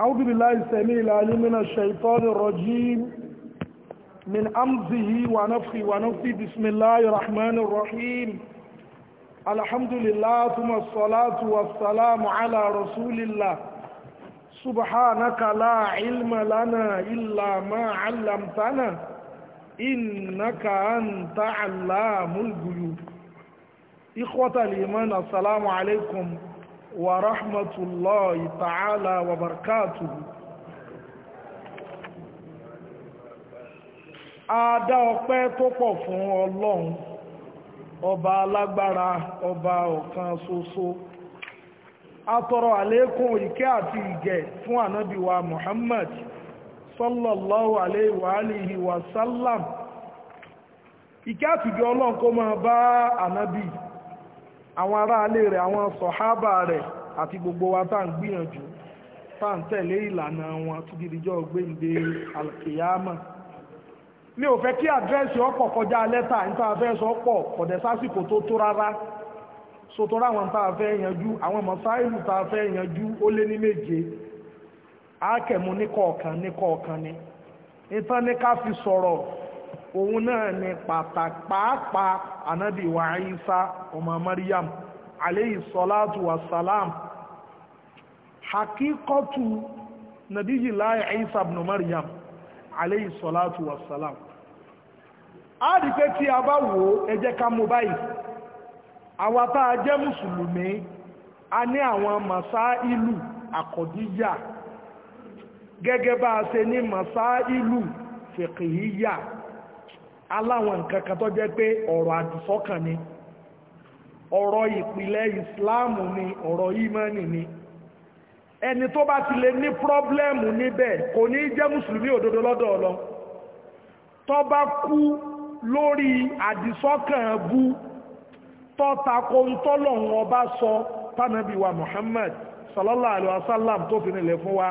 أعوذ بالله السميع العليم من الشيطان الرجيم من أمزه ونفخه ونفخه بسم الله الرحمن الرحيم الحمد لله ثم الصلاة والسلام على رسول الله سبحانك لا علم لنا إلا ما علمتنا إنك أنت علام الغيوب إخوة الإيمان السلام عليكم wa rahmatu Allah yi ta’ala wa barƙatu a dá ọ̀pẹ tó pọ̀ fún Allahun ọba lagbara ọba soso. A tọrọ ike ati ti ge fún anabu wa Muhammad sallallahu Alaihi wasallam. Ike a ti ge Allahun kó ma ba anabi àwọn aráalé rẹ̀ àwọn sọ̀hábà rẹ̀ àti gbogbo wa tá à ń gbìyànjú tá à ń tẹ̀lé ìlànà wọn títí dijọ́ gbéǹde alkiyama mi ò fẹ́ kí àdírẹ́sì ọ̀pọ̀ kọjá lẹ́tà nípa afẹ́ sọ pọ̀ kọ̀dẹ̀ sásìkò tó tó rárá sotora àwọn tá a fẹ́ yanjú àwọn mọ̀sáìlù tá a fẹ́ yanjú ó lé ní méje ní kọ̀ọ̀kan ní kọ̀ọ̀kan ni ìtàn ní ká fi sọ̀rọ̀ òun náà ni pàtàkì pàápàá ànábì wa Ìsá ọmọ Maryam alayhi salatu wa salam hakikọ́tù nàbíyì láì Ìsá ibn Maryam alayhi salatu wa salam a rí pé tí a bá wò ẹ jẹ́ ká mú báyìí àwa tá a jẹ́ mùsùlùmí a ní àwọn masá ìlú àkọ̀díyà gẹ́gẹ́ bá a ṣe ní masá ìlú fìkìhíyà aláwọn nǹkan kan tó jẹ́ pé ọ̀rọ̀ àdìsọ́kàn ni ọ̀rọ̀ ìpìlẹ̀ ìsìláàmù ni ọ̀rọ̀ ìmánì ni ẹni tó bá ti lè ní pírọ́blẹ́mù níbẹ̀ kò ní jẹ́ mùsùlùmí òdodo lọ́dọ̀ ọlọ tó bá kú lórí àdìsọ́kàn bú tó tako ń tọ́lọ̀ wọn bá sọ tánàbí Muhammad sallallahu alaihi wasallam tó fi nílẹ̀ fún wa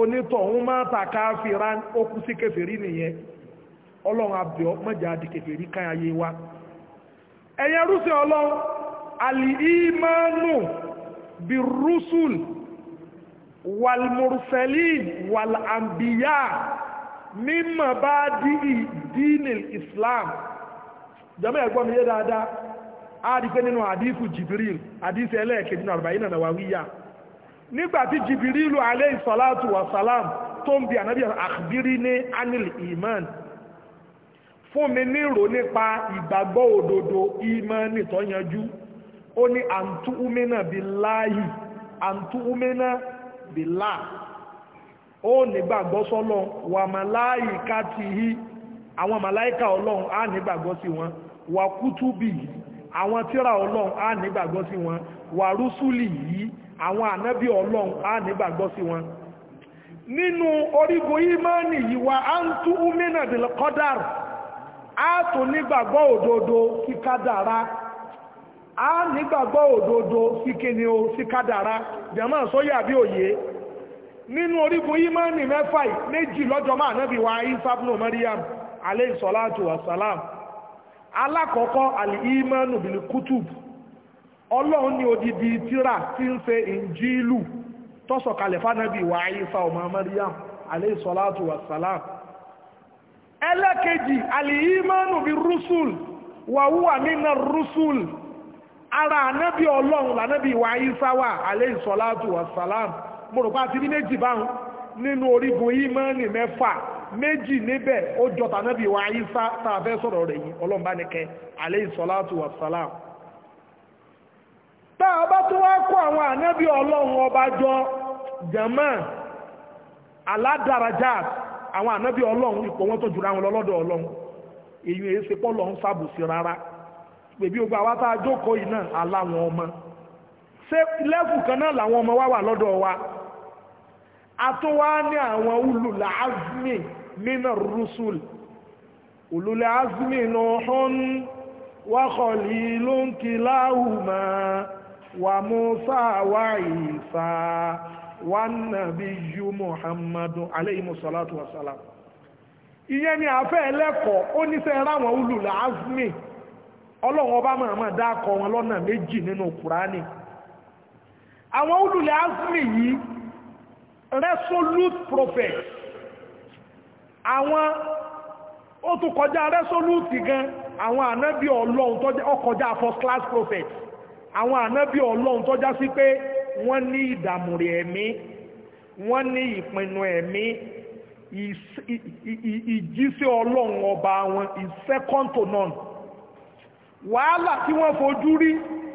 onítọ̀hún máa ta káfíran ó kú ọlọ́run abẹ́ mọ́jà adìkẹ̀kẹ̀ rí káyayé wa ẹ̀yẹn rúṣẹ́ ọlọ́run alìímánù bí rúṣùl walmursalin walambiya mímọ̀ bá dìí dínil islam jẹ́mọ́ ẹ̀gbọ́n mi yé dáadáa a rí pé nínú àdífù jibril àdífù ẹlẹ́ẹ̀kejì náà àrùbáyé náà wà wíyà nígbàtí jibrilu alayhi salatu wa tó ń bi ànábì àkbírí ní anil iman fún mi nírò nípa ìgbàgbọ́ òdodo ìmánì tó yanjú ó ní àǹtúúmínà billahi àǹtúúmínà billah ó nígbàgbọ́ sọ́lọ́n wà màláìkatihi àwọn màláìka ọlọ́run á nígbàgbọ́ sí wọn wà kútúbì yìí àwọn tíra ọlọ́run á nígbàgbọ́ sí wọn wà rúsùlì yìí àwọn ànábì ọlọ́run á nígbàgbọ́ sí wọn nínú orígun ìmánì yìí wà àǹtúúmínà bilqadar a tún nígbàgbọ́ òdodo sí kádàrá a nígbàgbọ́ òdodo sí kíni o sí kádàrá jẹ́mọ́ sóyà bí òye nínú orígun ìmánì mẹ́fà méjì lọ́jọ́ máa wa isabnu Maryam alayhi salatu wassalam alákọ̀ọ́kọ́ alìímánù bìlì kútùb ọlọ́run ní odidi tíra tí ń wa ẹlẹ́kejì alìyímánù bí rúsùl wàhúwà nínà rúsùl ara ànábì ọlọ́run lànábì ìwà ayísáwà alẹ́ wàsálàm mọ̀rọ̀pá ti ní méjì báhùn nínú orígun ìmánì mẹ́fà méjì níbẹ̀ ó jọta ànábì ìwà ayísá tààfẹ́ sọ̀rọ̀ rẹ̀ yìí wàsálàm tá a bá ọba jọ aládàrájáàtì àwọn ànábì ọlọ́run ipò wọn tó jùra wọn lọ́dọ̀ ọlọ́run èyí èyí ṣe pọ́lọ̀ ń ṣàbòsí rárá bèbí ogun àwa tá a jókòó yìí náà aláwọn ọmọ ṣé lẹ́fù kan náà làwọn ọmọ wa wà lọ́dọ̀ wa àtúwá ní àwọn ulul azmi minar rusul ulul azmi Nuhun wa Khalilun kilahuma wa Musa wa Isa wànàbíyú muhammadu aleyhi musalatu wasalam ìyẹn ni àfẹ́ ẹlẹ́kọ̀ọ́ ó níṣẹ́ ráwọn ulùlà azmi ọlọ́run ọba màmá akọ wọn lọ́nà méjì nínú kùránì àwọn ulùlà azmi yìí resolute prophet àwọn ó tún kọjá resolute gan àwọn ànábì ọlọ́run tó ọkọjá first class prophet àwọn ànábì ọlọ́run tó sí pé wọ́n ní ìdàmúrè ẹ̀mí wọ́n ní ìpinnu ẹ̀mí ìjíṣẹ́ ọlọ́run ọba wọn is second to none wàhálà tí wọ́n fojú rí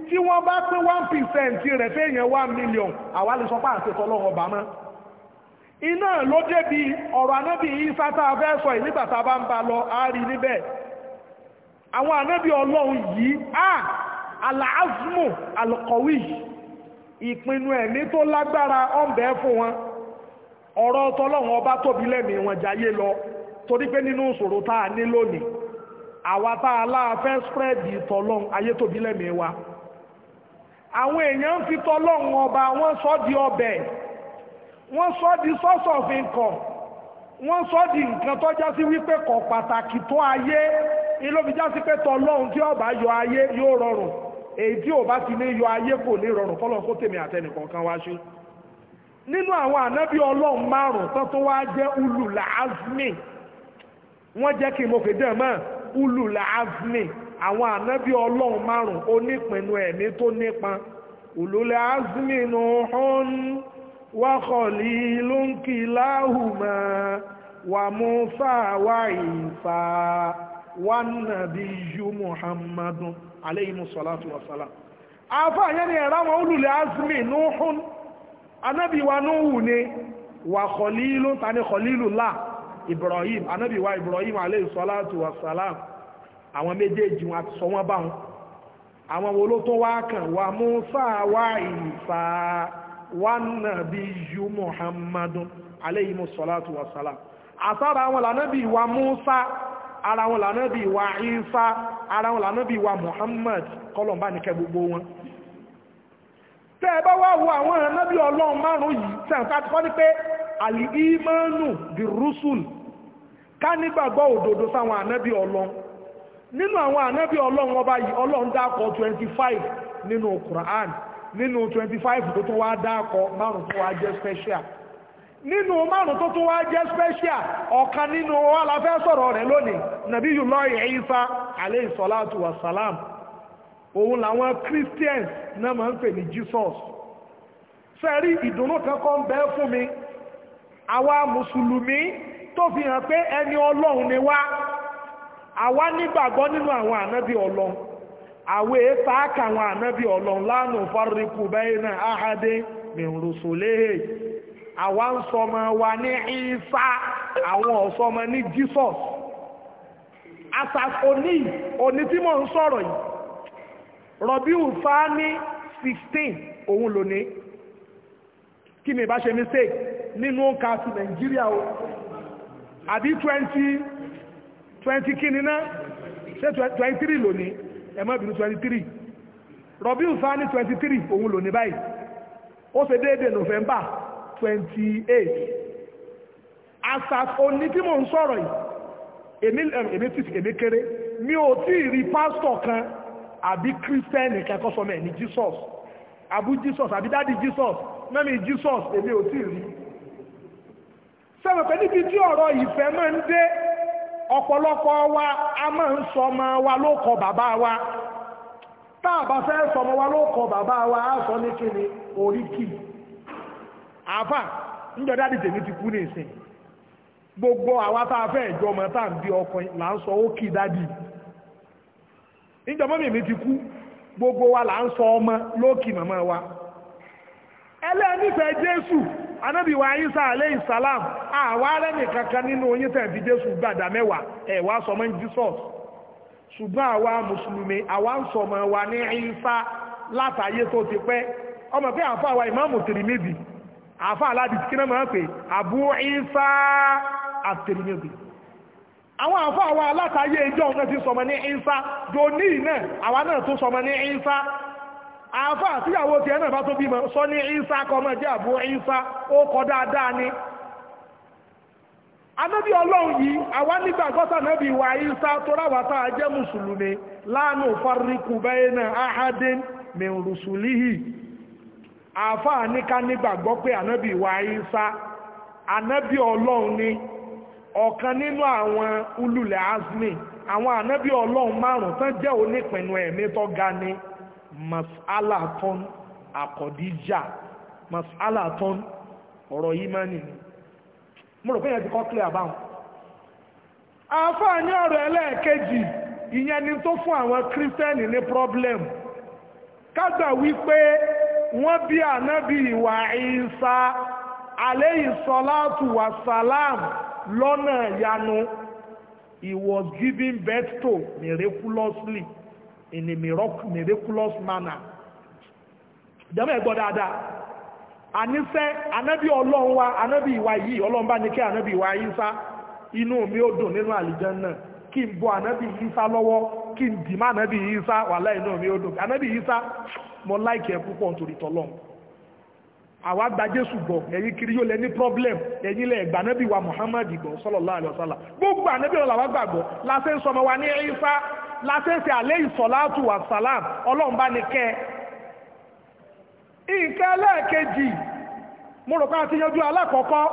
tí wọ́n bá pín one percent rẹ̀ fẹ́yẹn one million àwa lè sọ pé àṣetọ́ ọlọ́run ọba mọ́ iná ló débi ọ̀rọ̀ anábì Ìsá tá a fẹ́ sọ nígbà tá a bá ń ba lọ á rí níbẹ̀ àwọn anábì ọlọ́run yìí á àlàázmù alkọ̀wí yìí ìpinnu ẹ̀mí tó lágbára ọ̀nbẹ́ fún wọn ọ̀rọ̀ ọtọlọ́run ọba tóbi lẹ́mí wọn jayé lọ torí pé nínú ìṣòro tá a ní lónìí àwa tá a láà fẹ́ spreadi tọlọ́run ayé tóbi lẹ́mí wa àwọn èèyàn ń fi tọlọ́run ọba wọ́n sọ di ọbẹ̀ wọ́n sọ di source of income wọ́n sọ di nǹkan tó já sí wípé kò pàtàkì tó ayé ilé òfin já sí pé tọlọ́run tí ọba yọ ayé yóò rọrùn èyí tí ò bá ti lè yọ ayé kò lè rọrùn fọlọ́n kó tèmi àtẹnìkọ̀ọ̀kan wá ṣe nínú àwọn ànábì ọlọ́run márùn-ún tó tó wá jẹ́ ulula azmi wọ́n jẹ́ kí n mọ̀ pé dẹ̀ mọ́ ulula azmi àwọn ànábì ọlọ́run márùn-ún onípinnu ẹ̀mí tó nípa ulula azmi Nuhun wa Khalilun kilahuma wa Musa wa Isa wannabiyyu muhammadun aleyhimu salatu wasalam afa yẹn ni ẹ̀rọ àwọn olùlẹ̀ azmi nuhun anábìwa nuhu ni wa khalilu tani khalilu la ibrahim anábìwa ibrahim aleyhi salatu wasalam àwọn méjèèjì wọn àti sọ wọn bá wọn àwọn wo ló tó wá kàn wà musa wà ìsà wannabiyyu muhammadun aleyhimu salatu wasalam àsára àwọn lànàbìwa musa ara wọn lànábì wa Ìsá ara wọn lànábì wa Muhammad kọlọ̀mbà ní kẹ gbogbo wọn tẹ́ ẹ bá wá wo àwọn ànábì ọlọ́run márùn yìí tẹ́ǹtà ti kọ́ ní pé àlì ìmánù bí rúsùl ká nígbàgbọ́ òdodo sáwọn ànábì ọlọ́run nínú àwọn ànábì ọlọ́run ọba Quran nínú 25 tó tún wá dákọ̀ márùn tó wá jẹ́ special nínú márùn tó tún wá jẹ́ special ọ̀kan nínú wa la fẹ́ sọ̀rọ̀ rẹ̀ lónìí Nabiyullah salatu wasalam. salam òun làwọn Christians náà ma ń pè ní Jesus fẹ́rí ìdùnnú kankan bẹ́ẹ̀ fún mi àwa mùsùlùmí tó fi hàn pé ẹni ọlọ́run ni wá àwa nígbàgbọ́ nínú àwọn ànábì ọlọ́run àwẹ̀ fàákà àwọn ànábì ọlọ́run lánàá bẹ́ẹ̀ náà áhádé àwa ń sọmọ wa ní ìsá àwọn ọ̀sọmọ ní jesus asàkóní òní tí mò ń sọ̀rọ̀ yìí rọ̀bíù fáání sixteen òun lónìí kí mi bá ṣe mistake nínú òǹkà ti nàìjíríà o àbí twenty twenty kíni náà ṣé twenty three lónìí ẹ má bínú twenty three rọ̀bíù fáání twenty three òun lónìí báyìí ó ṣe déédéé november twenty eight asàfo ní tí mò ń sọ̀rọ̀ yìí èmi um, èmi tí èmi kéré mi ò tí ì rí pásítọ̀ kan àbí kírísítẹ́nì kẹ́kọ́ sọmọ ẹ̀ ní jesus àbú jesus àbí dáàdi jesus mẹ́mi jesus èmi ò tí ì rí sẹ́wọ̀n pé níbi tí ọ̀rọ̀ ìfẹ́ máa ń dé ọ̀pọ̀lọpọ̀ wa a máa ń sọ ọmọ wa ló kọ bàbá wa tá fẹ́ sọ wa ló kọ bàbá wa á sọ ní kíni oríkì àáfà níjọba àti tèmi ti kú gbogbo àwa tá a fẹ́ ìjọ ọmọ tá à bí là ń sọ ó kì í dádì níjọba mèmí ti kú gbogbo wa là ń sọ ọmọ lókì màmá wa ẹlẹ́nìfẹ́ jésù anábì ayísá alẹ́ àwa kankan nínú oyin tẹ̀bí jésù gbàdá mẹ́wàá ẹ̀ wá sọmọ jesus ṣùgbọ́n mùsùlùmí àwa ń sọmọ wa ní ayísá látàyé tó ti pẹ́ ọmọ pé àfa aládìí kí náà máa pè Abu Isa àtẹ̀lẹ́gbẹ̀ àwọn àfa àwọn alátayé ìjọ ọ̀nà ti sọmọ ní Isa dòní náà àwa náà tó sọmọ ní Isa àfa àtìyàwó bá tó sọ ní Isa kọmọ jẹ́ abụọ Isa ó kọ dáadáa ni anábí ọlọ́run yìí àwa nígbàgbọ́sà náà bí wà tó àáfàá ní ká nígbàgbọ́ pé wa Ìsá ànábì ọlọ́run ni ọkan ninu awọn ululẹ̀ azmi awọn anabi ọlọrun márùn tán jẹ́ onípinnu ẹ̀mí tó ga ni mas'ala ton akọ̀díjà mas'ala ton ọ̀rọ̀ yìí máa nìyí mo rò pé yẹn ti kọ́ clear báwọn àáfàá ní ọ̀rọ̀ ẹlẹ́ẹ̀kejì ìyẹn ni tó fún àwọn kírísítẹ́nì ní problem kágbà wípé wọ́n bí ànábì ìwà ìsá alayhi salatu wa salam lọ́nà ìyanu he was given birth to miraculously in a miraculous manner jẹ́mọ̀ ẹ̀gbọ́ dáadáa àníṣẹ́ ànábì ọlọ́run wa ànábì ìwà yìí ọlọ́run bá ní kí ànábì ìwà ìsá kí n bọ ànábì Ìsá lọ́wọ́ kí n dì má ànábì Ìsá wàhálà inú mi ó dùn ànábì Ìsá mo láìkì ẹ púpọ̀ nítorí tọ́lọ́n àwa gba Jésù gbọ́ ẹ̀yin kiri yóò lẹ ní problem ẹ̀yin lẹ gba ànábì wa Muhammad gbọ́ sallallahu alaihi wasallam gbogbo ànábì wọn làwa gbàgbọ́ láti ń sọmọ wa ní Ìsá láti ń sẹ alẹ́ ìsọ̀láàtù wa salam. ọlọ́run bá ní kẹ́ ìkẹ́ lẹ́ẹ̀kejì mo rò pé a ti yanjú alákọ̀ọ́kọ́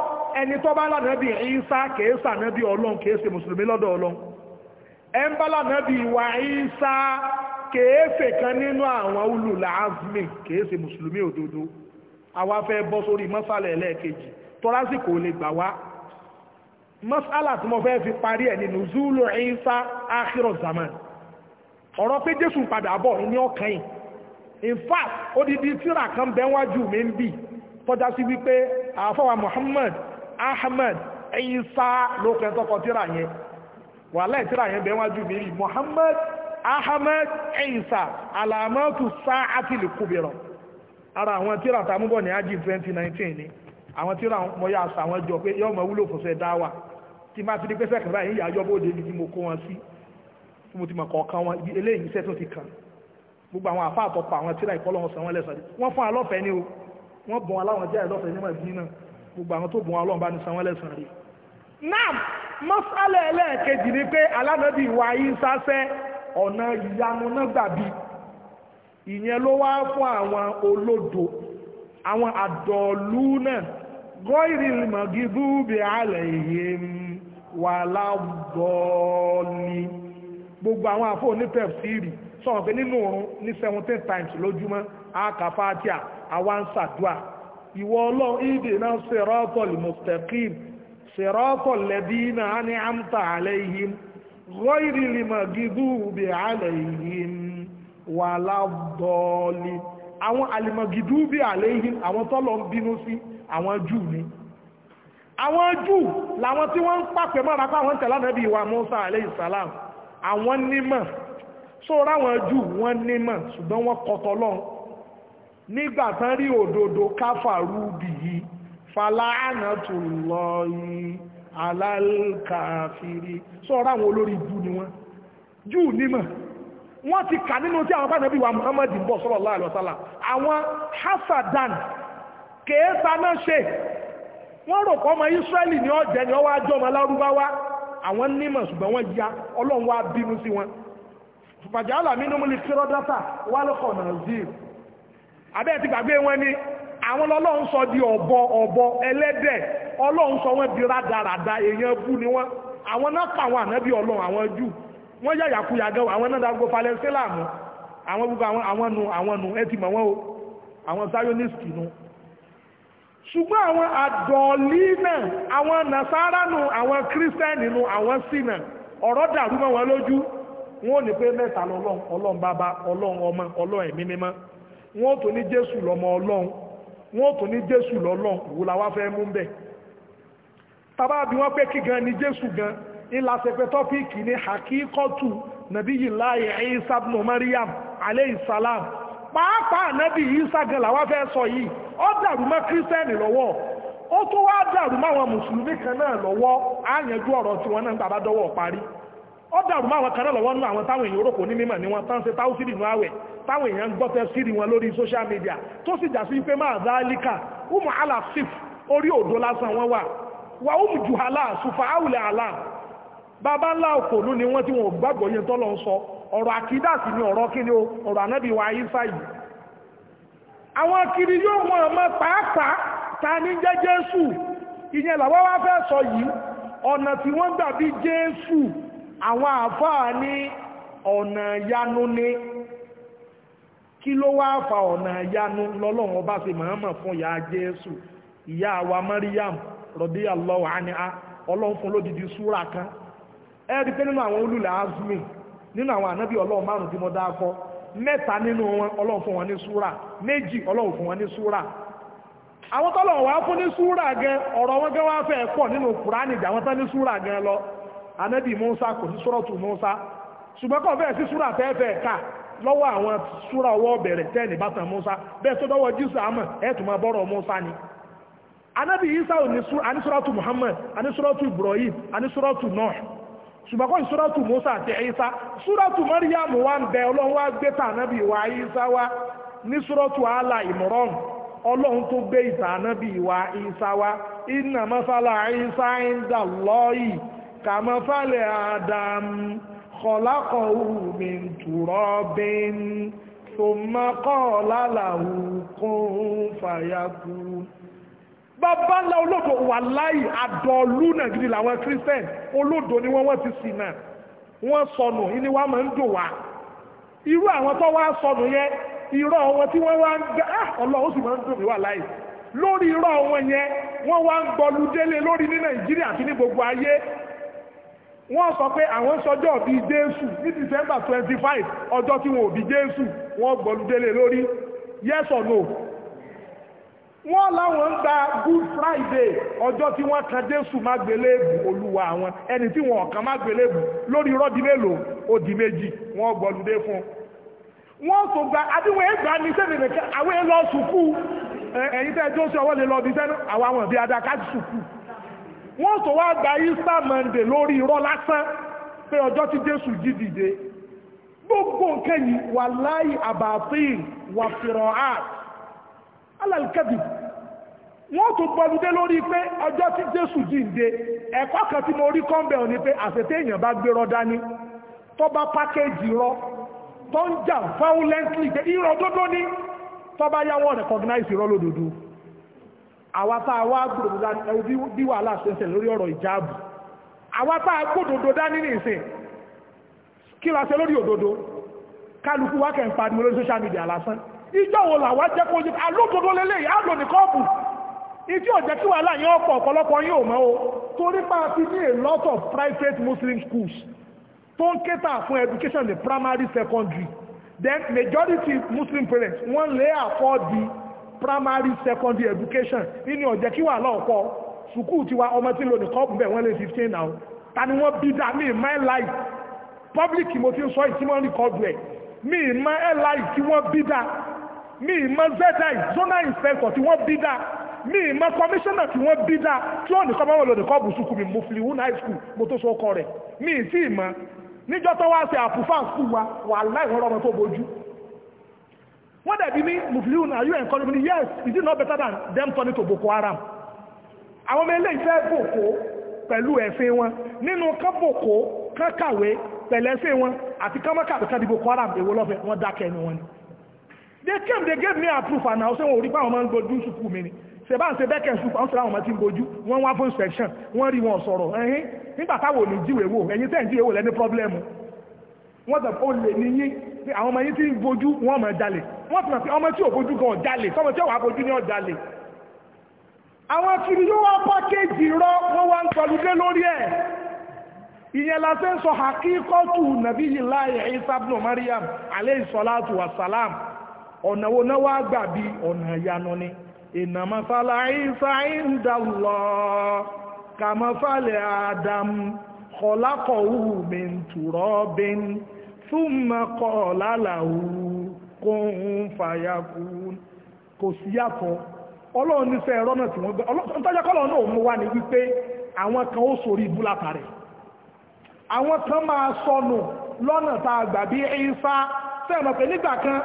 ẹni tó bá lánàá bí Ìsá kèé sànàbí ọlọ́run kèé mùsùlùmí lọ́dọ̀ ọlọ́run ẹ̀ńbálà nàbí ìwà ìsá kèéfè kan nínú àwọn ulul azmi kèéfè mùsùlùmí òdodo àwa fẹ́ bọ́ sórí mọ́sálà ẹlẹ́ẹ̀kejì tọ́lásìkò lè gbà wá mọ́sálà tí mo fẹ́ fi parí ẹ̀ nínú zulu ìsá akhiro zaman ọ̀rọ̀ pé jésù padà bọ̀ ní ọkàn yìí in fact odidi tíra kan bẹ́wájú mi ń bì tọ́já sí wípé àfọwà muhammad ahmed ìsá ló kẹ́ tọkọ tíra yẹn wàhálà ìtìrà yẹn bẹ́ẹ̀ wájú mi rí Muhammad Ahmed Isa alamatu sa'ati likubira ara àwọn tíra tàmúbọ̀ ní ájì 2019 ni àwọn tíra mọ̀ yá àṣà àwọn jọ pé yọ́ mọ̀ wúlò fòsẹ̀ dáwà tí má ti di pé sẹ́kẹ̀rẹ́ yìí yà yọ́bọ̀ òde ibi mo kó wọn sí tí mo ti mọ̀ kọ̀ọ̀kan wọn ibi eléyìí iṣẹ́ tó ti kàn gbogbo àwọn àfa àtọ̀pọ̀ àwọn tíra ìkọlọ́wọ́n sàn wọ́n lẹ́sàn wọ́n fún alọ́fẹ́ ni o wọ́n bọ̀n aláwọn tíra ìlọ́fẹ́ nímọ̀ ìbí náà gbogbo àwọn tó bọ̀n alọ́ọ̀ bá ní sàn wọ́n náà mọ́sálẹ̀ ẹlẹ́ẹ̀kejì ni pé alánàbí wa Ìsá ṣe ọ̀nà ìyanu náà gbàbí ìyẹn ló wá fún àwọn olódo àwọn àdọ̀ọ̀lú náà gọ́ìrì mọ̀gídúbì alẹ̀ yìí wà láwùjọ́ọ̀lì gbogbo àwọn àfọ onítẹ̀fìrì sọ̀rọ̀ pé nínú òrun ní seventeen times lójúmọ́ àkàfà àti àwọn ṣàdúà ìwọ ọlọ́run ìdè náà ṣe rọ́ọ̀tọ̀lì mustaqim sirọ́tọ̀ الذين أنعمت عليهم غير àlẹ́yìn gọ́ìrì lìmọ̀gídù bí àlẹ́yìn wà lábọ́ọ̀lì àwọn àlìmọ̀gídù bí àlẹ́yìn àwọn tọ́lọ̀ ń bínú sí àwọn jù ni àwọn jù làwọn tí wọ́n ń pàpẹ mọ́ra pa àwọn tẹ̀lá nàbí wa Musa alayhi salam àwọn nímọ̀ sóra àwọn jù wọ́n nímọ̀ ṣùgbọ́n wọ́n kọtọ lọ́n rí òdodo káfà rúbì yìí falaanatullahi alalkafiri sọ́ra àwọn olórí jù ni wọ́n jù nímọ̀ wọ́n ti kà nínú tí àwọn bánàbí wa Muhammad bọ̀ sallallahu alaihi wasallam àwọn hasadan kèésa náà ṣe wọ́n rò pọ́ ọmọ Israẹli ní ọ̀jẹ̀ ni ọwọ́ ajọ́ ọmọ lárúbáwá àwọn nímọ̀ ṣùgbọ́n wọ́n ya ọlọ́run wá bínú sí wọn fàjálà mínú ni àwọn ọlọ́run sọ di ọ̀bọ ọ̀bọ ẹlẹ́dẹ̀ ọlọ́run sọ wọ́n di rádaràda èèyàn bú ni wọ́n àwọn náà pa àwọn ànábì ọlọ́run àwọn jù wọ́n yà yàkuyà gan àwọn náà dágbó falẹ́ńsẹ́ láàmú àwọn gbogbo àwọn àwọn nu àwọn nu ẹ ti mọ̀ wọ́n o àwọn zionist nu ṣùgbọ́n àwọn àdọ̀ọ̀lì náà àwọn nasara nu àwọn kírísítẹ́nì nu àwọn sí náà ọ̀rọ̀ dàrú mọ́ wọn lójú wọn ò ní pé mẹ́ta lọ́lọ́run ọlọ́run bàbá ọlọ́run ọmọ ọlọ́run ẹ̀mí mímọ́ wọn ò tó ní jésù lọ́mọ ọlọ́run wọ́n tún ní jésù lọ́lọ́n wò láwá fẹ́ mú bẹ́ tàbá bí wọ́n pé kí gan ni jésù gan ńlá sẹpẹ tọ́píìkì ní hakíkọ́tù nàbí yìí láàyè Isa ibn Maryam alayhi salam pàápàá nàbí Isa gan làwá fẹ́ sọ yìí ó dàrú mọ́ kírísítẹ́nì lọ́wọ́ ó tó wá dàrú mọ́ àwọn mùsùlùmí kan náà lọ́wọ́ á yanjú ọ̀rọ̀ tiwọn náà gbàbá parí ó dàrú máa wọn kan náà lọ́wọ́ nínú àwọn táwọn èèyàn orókò ní mímọ̀ ní wọn tán ṣe táwùsírì nínú àwẹ̀ táwọn èèyàn gbọ́tẹ̀ sírì wọn lórí social media tó sì jà sí pé máa záálíkà umu alasif orí òdo lásán wọn wà wà umu juhala sufa aulẹ̀ àlà bàbá ńlá òkòlú ni wọ́n tí wọ́n gbàgbọ́ yẹn tọ́lọ ń sọ ọ̀rọ̀ àkídà sí ni ọ̀rọ̀ kí ni o ọ̀rọ̀ ànábì wa ayífà yìí àwọn kiri yóò wọn ọmọ pàápàá ta ní jẹ́ jésù ìyẹn làwọn wá ọ̀nà tí wọ́n gbà bí jésù àwọn àfáà ní ọ̀nà yanú ní kí ló wá fa ọ̀nà yanu lọ́lọ́run bá sí màámà fún ìyá jésù ìyá wa maryam radiyallahu anha ọlọ́run fún lódìdí súra kan pé nínú àwọn azmi nínú àwọn ànábì ọlọ́run márùn wọn ọlọ́run fún wọn ní súra méjì ọlọ́run fún wọn ní súra àwọn tọ́lọ̀ wá fún ní súra gan ọ̀rọ̀ wọn anabi musa kò sí súrọ̀tù musa ṣùgbọ́n kọ́ bẹ́ẹ̀ sí súrà fẹ́ẹ́fẹ́ ká lọ́wọ́ àwọn súrà ọwọ́ bẹ̀rẹ̀ tẹ́ẹ̀nì bátan musa bẹ́ẹ̀ tó dọ́wọ́ jésù àmọ́ ẹ̀ tó máa bọ́rọ̀ musa ni anabi isa ò ní súrọ̀tù muhammad àní súrọ̀tù ibrahim àní súrọ̀tù nuh ṣùgbọ́n kọ́ súrọ̀tù musa àti isa súrọ̀tù maryam wa ń bẹ ọlọ́run wá gbé tà anabi wa isa wa ní súrọ̀tù ala imran ọlọ́run tó gbé ìtà anabi wa isa wa inna masala isa inda Allahi kàmọ́ fálẹ̀ adam kọ̀lákọ̀ omi tùrọ́bí thumma qala lahu kun fayakun bàbá ńlá olódò wà láì àdọ̀ọ̀lú náà gidi làwọn christian olódò ni wọ́n wọ́n ti sì náà wọ́n sọnù ìní wa máa ń dùn wá irú àwọn tó wá sọnù yẹn irọ́ wọn tí wọ́n wá ń gbẹ́ ah, ọlọ́run sì máa ń dùn mí wà láì lórí irọ́ wọn yẹn wọ́n wá ń gbọlu délé lórí ní nàìjíríà àti ní gbogbo ayé wọ́n sọ pé àwọn sọjọ́ bí jésù ní december 25 ọjọ́ tí wọn ò bí jésù wọ́n gbọ́lùdélé lórí yes or no wọ́n láwọn ń gba good friday ọjọ́ tí wọ́n kan jésù má gbélébù olúwa àwọn ẹni tí wọn ọ̀kan má gbélébù lórí rọ́dí mélòó ó di méjì wọ́n gbọ́lùdé fún wọ́n tó gba adíwọ̀n ẹgbà ní sẹ́mìnìkẹ́ àwọn èlò sùkú ẹ̀yìn tẹ́jọ́ sí ọwọ́ lè lọ bí sẹ́nu àwọn àwọn ìbí adákàtì sùkú wọ́n tó wá gba Easter Monday lórí irọ́ lásán pé ọjọ́ tí Jésù jí dìde gbogbo nǹkan yìí wà láì àbàfíìn wà fìrọ̀ art alàlùkẹ́bì wọ́n tó gbọ́dúdé lórí pé ọjọ́ tí Jésù jí ẹ̀kọ́ kan tí mo rí kọ́ńbẹ̀ ní pé àṣetẹ́ èèyàn bá gbérọ́ dání tó bá pákéjì rọ tó ń jà violently pé irọ́ dódó ní tó bá yáwọ́ recognize irọ́ lódodo àwa tá a wá gbòdòdó dání bí wàhálà ṣẹṣẹ lórí ọ̀rọ̀ ìjáàbù àwa gbòdòdó dání ní ìsìn kí la ṣe lórí òdodo kálukú wá ń pariwo lórí social media lásán ìjọ wo làwa jẹ́ kó yípa alódodo lélẹ́yìí á lò lot of private Muslim schools tó education ní primary secondary then majority Muslim parents wọ́n lè afford the primary secondary education nínú ọ̀jẹ́ kí wà lọ́ọ̀kọ́ sùkúù ti wa ọmọ tí ń lò ní kọ́ọ̀pù bẹ̀ wọ́n lé 15 now ta ni wọ́n bí dá mi my life public mo ti ń sọ ìtìmọ́ rìkọ́dù ẹ̀ mi my life tí wọ́n bí dá mi mọ zedai zonal inspector tí wọ́n bí dá mi mọ commissioner tí wọ́n bí dá tí wọ́n ní kọ́ọ̀pù wọn lò ní kọ́ọ̀pù sùkúù mi mo fi wún high school mo tó so ọkọ rẹ̀ mi ì tí ì mọ níjọ́ tó wá ṣe àpùfà sùkúù wa wà láì wọ́n tó bójú What dẹ̀ mean, mi mufilun are you encouraging me yes is it not better than them turning to Boko Haram àwọn ọmọ ilé ìfẹ́ bòkó pẹ̀lú ẹ̀sìn wọn nínú kán Boko, kán kàwé pẹ̀lú ẹ̀sìn wọn àti kán mọ́kàwé kán di Boko Haram èwo lọ́fẹ̀ẹ́ wọ́n dákẹ́ ẹnu wọn they came they gave me a proof, and now say wọn ò rí pé àwọn ọmọ ń gbójú sùkúù mi ni sẹ̀bá ń ṣe bẹ́kẹ̀ sùkúù àwọn sọ̀rọ̀ àwọn ọmọ tí ń gbójú wọ́n wá inspection wọ́n rí wọn sọ̀rọ̀ ẹ̀hín nígbà táwọn ò ní jíwèé wò ẹ̀yin tẹ́ ń jíwèé wò lẹ́ni pọ́blẹ́mù wọ́n tẹ̀ ó lè pé àwọn ọmọ yìí ti ń bojú wọ́n máa jalè wọ́n ti mọ̀ pé ọmọ tí ò bojú gan ọ̀jalè tọ́mọ tí ò wá bojú ní ọ̀jalè àwọn kiri yóò wá pàkéjì rọ wọ́n wá ń pẹ̀lúdé lórí ẹ̀ ìyẹn la ṣe ń sọ hakíkọ́tù nàbí yìí láàyè Isa ibn Maryam alayhi salatu bí ọ̀nà Adam khalaqahu min turabin súnmọ́ kọ́ lálàó kó ń kò sí yàtọ̀ ọlọ́run nífẹ̀ẹ́ ẹ̀rọ náà tí wọ́n gbé ọlọ́run náà mú wá ní wípé àwọn kan ó sòrí ibú látàrí àwọn kan máa sọnù lọ́nà tá a gbà bí nígbà kan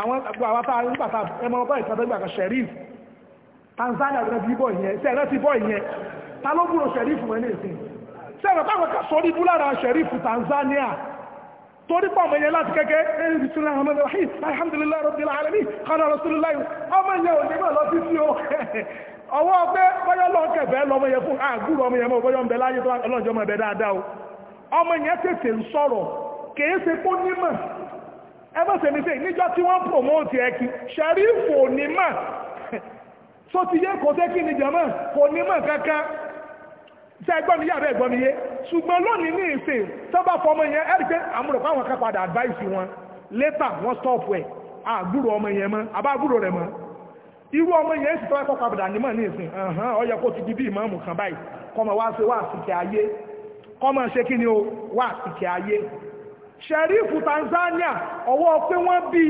àwọn àwọn tá a nígbà kan sheriff Tanzania rẹ̀ bọ̀ bọ̀ ta ló gbúrò sheriff wọn ní ìsìn kan Tanzania torí pọ̀ mẹ́yẹ láti kẹ́kẹ́ ẹ̀rìsìnlá ọmọdé wáyé alhamdulillah rabbil alamin kọ́nà rasulullah ọmọ lọ sí sí o ọwọ́ pé bọ́yọ́ lọ kẹfẹ́ lọmọ yẹ fún àgúrò ah, ọmọ yẹ mọ̀ bọ́yọ́ ń bẹ láyé promote ṣe ẹgbọ́n mi yé àbẹ́ ẹgbọ́n mi yé ṣùgbọ́n lónìí ní ìsìn tó bá fọ ọmọ yẹn ẹ̀rí pé àmúrò pé àwọn advice wọn later wọ́n stop ẹ̀ àgbúrò ọmọ yẹn mọ́ àbá àgbúrò rẹ̀ mọ́ irú ọmọ yẹn sì tọ́wọ́ pọ̀pọ̀ àbùdà nímọ̀ ní ìsìn ọ̀hán ó yẹ kó ti di bí ìmọ̀ọ́mù kan báyìí kọ́mọ wá sí wá àsìkè ayé kọ́mọ ṣe kí ni o wá àsìkè ayé ṣẹ̀rífù Tanzania ọwọ́ pé wọ́n bí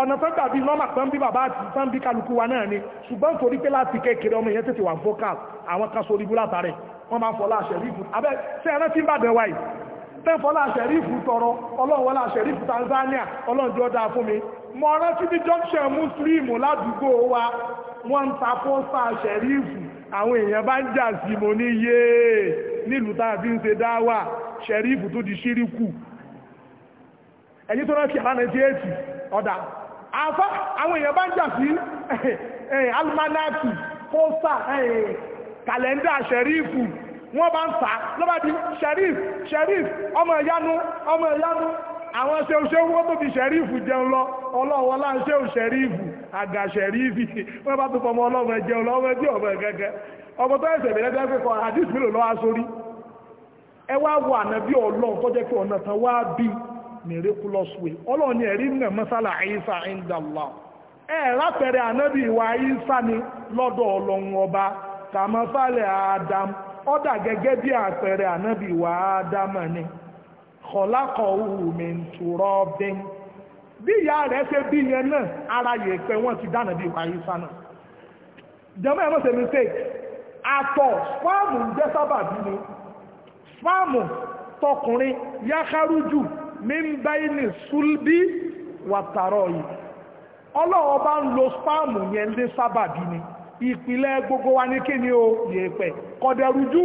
ọ̀nà tó dàbí lọ́mà tán bí bàbá àti tán bí kálukú wa náà ni ṣùgbọ́n torí pé láti kékeré ọmọ yẹn tètè wà vocal àwọn kan sórí ibú látàrí wọ́n máa fọ́lá àṣẹ̀rífù abẹ́ ṣe ẹran tí ń bàbẹ̀ wáyìí tẹ́ fọ́lá àṣẹ̀rífù tọrọ ọlọ́wọ́lá àṣẹ̀rífù Tanzania ọlọ́njọ́ dáa fún mi mọ́ rántí bí junction muslim ládùúgbò wa wọ́n ń ta fọ́sà àṣẹ̀rífù àwọn èèyàn bá ń jà sí mo ní yéé nílùú tá a fi ń ṣe dáwà ṣẹ̀rífù tó di ṣíríkù ẹ̀yìn tó rántí àlá 98 ọ̀dà àwọn èèyàn bá ń jà eh, eh, kàlẹ́ndà ṣẹ̀rífù wọ́n bá ń tà lọ́bà di ṣẹ̀ríf ṣẹ̀ríf ọmọ ìyanu ọmọ ìyanu àwọn ṣeúṣeú wọ́n tó fi ṣẹ̀rífù jẹun lọ ọlọ́wọ́ láńṣeú ṣẹ̀rífù àgà ṣẹ̀rífì wọ́n bá tó fọmọ ọlọ́mọ jẹun lọ ọmọ ẹjẹ́ ọmọ ẹ̀gẹ́gẹ́ ọmọ tó ẹ̀sẹ̀ bẹ̀rẹ̀ bẹ́ẹ̀ fẹ́kọ̀ àdìsí mélòó lọ́wọ́ sórí ẹ wá wo ànábí ọlọ́run tó jẹ́ pé ọ̀nà tán wá bí miraculous ni ẹ̀rí nà mọ́sálà àyíṣà ìndàlá ẹ̀ lápẹ̀rẹ̀ ànábí ìwà àyíṣà ni lọ́dọ̀ ọlọ́run kàmọ́fàlẹ̀ adam ọ̀dà gẹ́gẹ́ bí àpẹẹrẹ ànábì wa ádámà ni kọ̀lákọ̀ọ́hù mi ń turọ́ bẹ́ẹ̀ bí ìyá rẹ̀ ṣe bí yẹn náà ara yẹ̀pẹ̀ wọ́n ti dá ànábì wa Ìsá jẹ́mọ́ ẹ̀mọ́ ṣe àtọ̀ fáàmù ń jẹ́ sábàbí ni fáàmù tọkùnrin yákárújù mímbáyínì súlbí wàtàrọ̀ yìí ọlọ́wọ́ bá ń lo spáàmù yẹn lé sábàbí ni ìpìlẹ̀ gbogbo wa ní kí ni o yèèpẹ̀ kọ̀dẹ̀rújú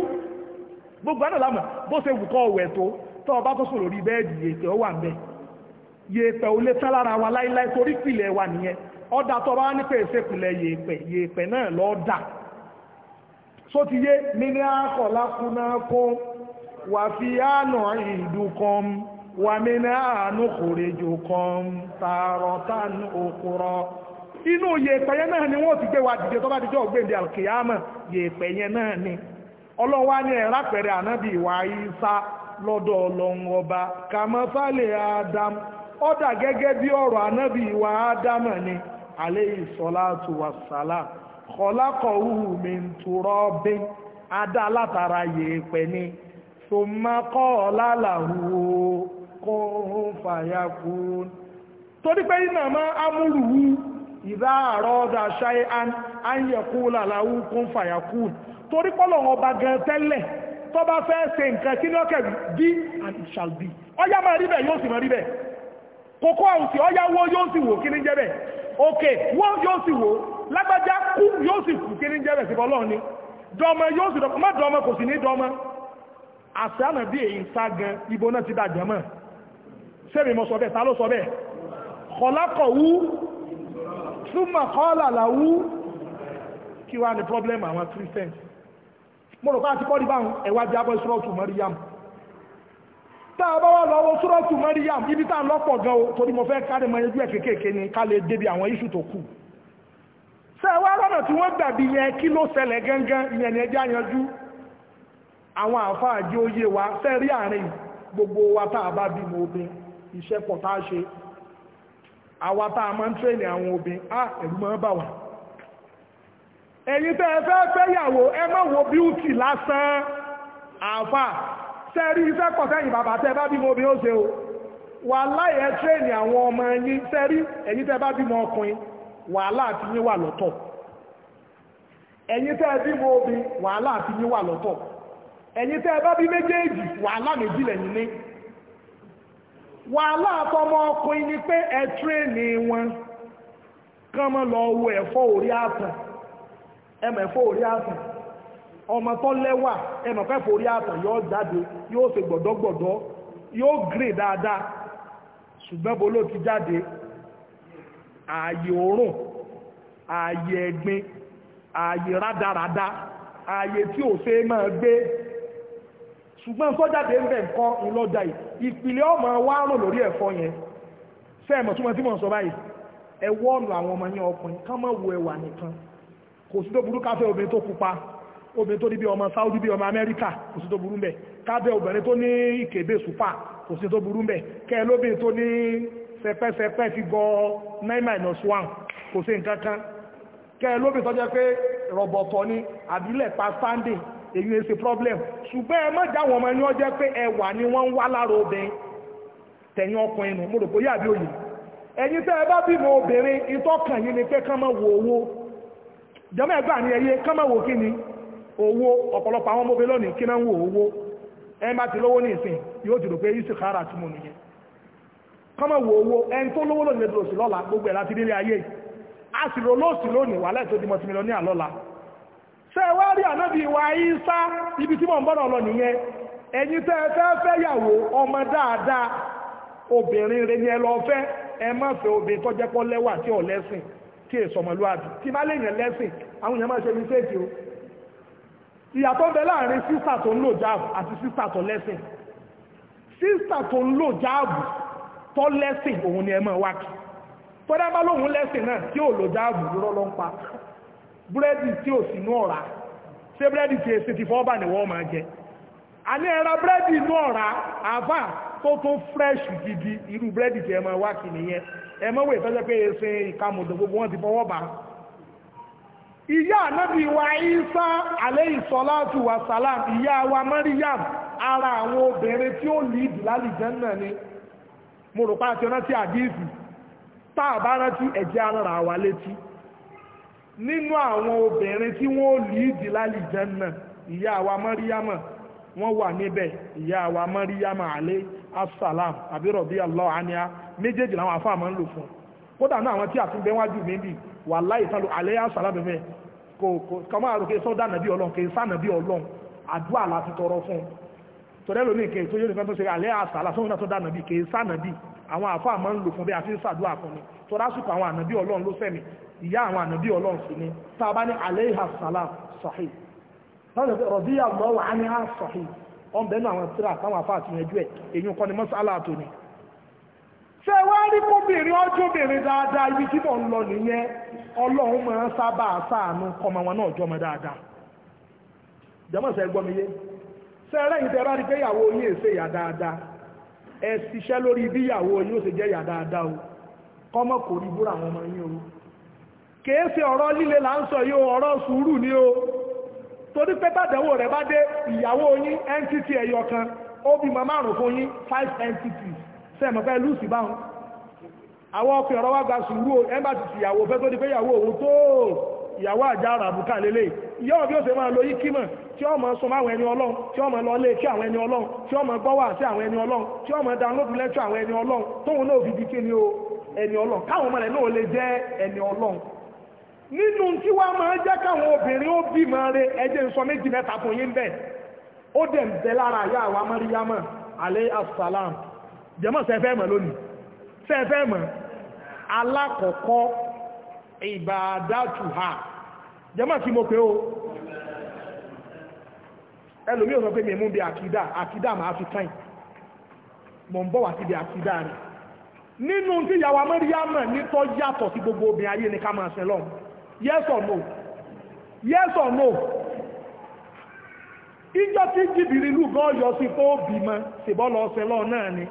gbogbo àdà lámọ̀ bó ṣe wù kọ́ ọ̀wẹ̀ tó tọ́ ọba tó sọ lórí bẹ́ẹ̀dì yèèpẹ̀ ó wà ń bẹ̀ yèèpẹ̀ ò lè tán lára wa láíláí torí pìlẹ̀ wa nìyẹn ọ̀dà tọ́ bá ní pé èsè pìlẹ̀ náà lọ́ dà só ti yé níní akọ̀lá kúná wà fi àánà ìdúkan wà mí náà àánú kòrèjò kan tààrọ̀ tánú òkúrọ̀ inú yèèpẹ̀ yẹn náà ni wọ́n ti gbé wa dìde tó bá dìde ọ̀gbẹ́ndì alkiyama yèèpẹ̀ yẹn náà ni ọlọ́run wá ní ẹ̀rá pẹ̀rẹ̀ ànábì ìwà ìsá lọ́dọ̀ ọlọ́run kàmọ́fálẹ̀ adam ọ̀dà gẹ́gẹ́ bí ọ̀rọ̀ ànábì ìwà adam ni alayhi salatu wassalam khalaqahu min turabin adá látara yèèpẹ̀ ni thumma qala lahu kun fayakun ìdá àrọ́dà ṣáyé áyẹ̀kú làláwú kún fàyàkú torí pọ́lọ̀ ọba gan tẹ́lẹ̀ tó bá fẹ́ ṣe nǹkan tí ní ọkẹ̀ bí and it shall be ọya máa rí bẹ̀ yóò sì máa rí bẹ̀ kòkó àwùsí ọya wó yóò sì wò kí ní jẹ́ bẹ̀ òkè wọ́n yóò sì wò lágbájá kú yóò sì kú kí ní jẹ́ bẹ̀ sí bọ́lọ́ ni dọ́mọ yóò sì dọ́mọ dọ́mọ kò sì ní dọ́mọ àṣẹ ànà súnmọ̀ kọ́ọ̀là làwú kí wá ní problem àwọn christians mo rò káàkiri kọ́ dìbà ẹ̀wà jábọ̀ sọ́ọ̀tù mọ́ríyàm tá a bá wà lọ́wọ́ sọ́ọ̀tù mọ́ríyàm ibi tá a lọ́pọ̀ gan o torí mo fẹ́ kárí mọ ẹgbẹ́ kéékèèké ni ká lè débi àwọn iṣu tó kù sẹ́wọ́ lọ́nà tí wọ́n gbàbí yẹn kí ló ṣẹlẹ̀ gángan ìyẹn ni ẹjẹ́ àyanjú àwọn àfáàjẹ́ oyé wa fẹ́ rí àárín gbogbo wa tá a bá bímọ obìnrin iṣẹ́ pọ̀ tá a ṣe àwa tá a máa ń tírèènì àwọn obìnrin á ẹ̀rù máa bà wá ẹ̀yin tẹ́ ẹ fẹ́ fẹ́yàwó ẹ má wo bíútì lásán àfà sẹ́rí iṣẹ́ kọ̀sẹ́yìn bàbá tẹ́ bá bímọ obìnrin ó ṣe o wà láyẹ̀ tírèènì àwọn ọmọ ẹ̀yin sẹ́rí ẹ̀yin tẹ́ bá bímọ ọkùnrin wàhálà àti yín wà lọ́tọ̀ ẹ̀yin tẹ́ ẹ bímọ obìnrin wàhálà àti yín wà lọ́tọ̀ ẹ̀yin tẹ́ ẹ bá bí méjèèjì wàhálà méjì lẹ́yìn wàhálà àtọmọ ọkùnrin ni pé ẹ tírèènì wọn kán mọ́ lọ wo ẹ̀fọ́ orí àtàn ẹmọ̀ ẹ̀fọ́ orí àtàn ọmọ tó lẹ́wà ẹmọ̀ pẹ́fọ́ orí àtàn yóò jáde yóò ṣe gbọ̀dọ́gbọ̀dọ́ yóò gírè dáadáa ṣùgbọ́n bó ló ti jáde ààyè òórùn ààyè ẹ̀gbin ààyè rádaràda ààyè tí ò ṣe máa gbé ṣùgbọ́n sọ́jáde ń bẹ̀ nǹkan ńlọ́dà yìí ìpìlẹ̀ ọmọ wa rùn lórí ẹ̀fọ́ yẹn fẹ́ẹ̀mọ̀ túnmọ̀ tí mò ń sọ báyìí ẹ̀wọ́ ọ̀nà àwọn ọmọ yẹn ọkùnrin kán mọ̀ wo ẹ̀wà nìkan kò sí tó burú káfẹ́ obìnrin tó pupa obìnrin tó ní bí ọmọ Saudi bí ọmọ Amẹ́ríkà kò sí tó burú mbẹ̀ káfẹ́ obìnrin tó ní ìkébé súpà kò sí tó burú mbẹ̀ kẹ́ lóbìnrin tó ní sẹpẹ́sẹpẹ́ ti gọ 9 minus 1 kò sí nǹkan kan kẹ́ lóbìnrin tó jẹ́ pé rọ̀bọ̀tọ̀ ni àbílẹ̀ pa standing èyí ẹ ṣe problem ṣùgbọ́n ẹ má dá wọn ọmọ ẹni ọ jẹ́ pé ẹwà ni wọ́n ń wá lára obìnrin tẹ̀yìn ọkùnrin nù mo rò bóyá àbí òyìn ẹ̀yin tẹ́ ẹ bá bímọ obìnrin ìtọ́kàn yìí ni pé kán máa wo owó jẹ́mọ́ ẹgbà ní ẹyẹ kán máa wo kí ni owó ọ̀pọ̀lọpọ̀ àwọn ọmọbìnrin lónìí kí náà ń wo owó ẹni bá ti lówó ní ìsìn yóò jùlọ pé isi kára tí mo nìyẹn kán máa wo owó ẹni tó lówó lónìí lọ́sì lọ́la gbogbo ẹ̀ láti nílé ayé ṣe wá rí ànábì wa ìsá ibi tí mò ń bọ́nà lọ nìyẹn ẹ̀yin tẹ́ ẹ fẹ́ fẹ́ yàwó ọmọ dáadáa obìnrin rẹ ni ẹ lọ fẹ́ ẹ má fẹ́ obìnrin tó jẹ́ pọ́ lẹ́wà tí ò lẹ́sìn tí èso ọmọlúwàbí tí má lè yàn lẹ́sìn àwọn èèyàn máa ṣe mistake o ìyàtọ̀ bẹ láàrin sísà tó ń lò jáàbù àti sísà tó lẹ́sìn sísà tó ń lò jáàbù tó lẹ́sìn òun ni ẹ máa wá kí tọ́dá bá lóhun lẹ́sìn náà tí ò lò jáàbù lọ́lọ́ ń pa búrẹ́dì tí ò sínú ọ̀rá ṣé búrẹ́dì tí èsì ti fọ́ọ́bà ni wọ́n máa jẹ àní ẹ̀ra búrẹ́dì inú ọ̀rá àbá tó tó fresh gidi irú búrẹ́dì tí ẹ máa wá kì nìyẹn ẹ mọ́ wẹ̀ tọ́jọ́ pé èsì ìkamọ̀dò gbogbo wọn ti fọwọ́ bá ìyá ànábì wa Isa alayhi salatu wa salam ìyá wa Maryam ara àwọn obìnrin tí ó lè ìdí lálìjẹ́nnà ni mo rò pa àti ọ̀nà tí àdíìsì táà bá rántí ẹ̀jẹ̀ ara wa létí nínú àwọn obìnrin tí wọ́n lè dì lálìjẹ́ náà ìyá wa mọ́ríyámọ̀ wọ́n wà níbẹ̀ ìyá wa mọ́ríyámọ̀ alẹ́ assalam àbírọ̀bí allah ania méjèèjì láwọn afá àmọ́ ń lò fún kódà náà àwọn tí a ti bẹ́ wájú mi bì wà láì sálò alẹ́ assalam bẹ́ẹ̀ kò kò máa rò kí sọ́dà nàbí ọlọ́run kì í sá nàbí ọlọ́run àdúrà láti tọrọ fún tọ́rẹ́ lómi kì í tó yóò nìkan tó ṣe alẹ́ assalam sọ́dà náà sọ́dà nàbí kì í sá nàbí àwọn afá àmọ́ ń lò fún bẹ́ẹ̀ àti sàdúrà fún mi tọ́rásùkọ̀ àwọn ànàbí ọlọ́run ló sẹ́mi ìyá àwọn ànàbí ọlọ́run sí ni tá a ní salam rọ̀bí ní àwọn tíra afá àti ẹ̀ èyí kọ́ ni mọ́sálà tó ni. ṣé wá rí kóbìnrin ọjọ́bìnrin dáadáa ibi tí mò ń lọ nìyẹn ọlọ́run máa ń sábà sáànù kọ́mọ wọn náà jọmọ dáadáa. jẹ́mọ̀ sẹ́ gbọ́ mi yé ṣé bá rí pé ìyàwó yà dáadáa ẹ ṣiṣẹ́ lórí bí ìyàwó o kọ́mọ kò rí búra o kèése ọ̀rọ̀ líle là ń sọ yóò ọ̀rọ̀ sùúrù ni o torí pé bàdẹ̀wò rẹ̀ bá dé ìyàwó yín ntt ẹ̀yọ kan ó bí mọ márùn fún yín five entities sẹ́ẹ̀mọ̀ fẹ́ lùsì báwọn àwọn ọkùnrin ọ̀rọ̀ wá gba sùúrù o embassy ìyàwó fẹ́ tó di pé ìyàwó òun tó ìyàwó àjá ara àbùkà lélẹ̀ ìyàwó bí ó ṣe máa lo yí kímọ̀ tí ó mọ̀ sọmọ àwọn ẹni ọlọ́run tí ó mọ̀ lọ lé kí àwọn ẹni ọlọ́run tí ó mọ̀ gbọ́wọ́ àti àwọn ẹni ọlọ́run tí ó mọ̀ download lecture àwọn ẹni ọlọ́run tóun náà fi di kí ni o ẹni ọlọ́run káwọn ọmọ rẹ̀ náà lè jẹ́ ẹni ọlọ́run nínú tí wá máa jẹ́ káwọn obìnrin ó bí máa re ẹjẹ́ ń sọ méjì mẹ́ta fún yín bẹ́ẹ̀ ó dẹ̀ ń bẹ lára àyà àwa mọ́ríyámọ̀ alẹ́ asàlám jẹ́mọ́ sẹ́fẹ́ mọ̀ lónìí sẹ́fẹ́ mọ̀ alákọ̀ọ́kọ́ ìbàdàtùhà jẹ́mọ́ tí mo pé o ẹlòmí ò sọ pé mímú bí àkídà àkídà máa fi káìn mọ̀ ń bọ̀ wá síbi àkídà rẹ̀ nínú tí yàwá mọ́ríyámọ̀ nítọ́ yàtọ̀ sí gbogbo obìnrin ayé ni ká máa ṣẹlọ́run yes or no yes or no ìjọ tí jìbìrì lù si yọ sí tó bímọ ṣèbọ́ lọ ọ̀sẹ̀ ni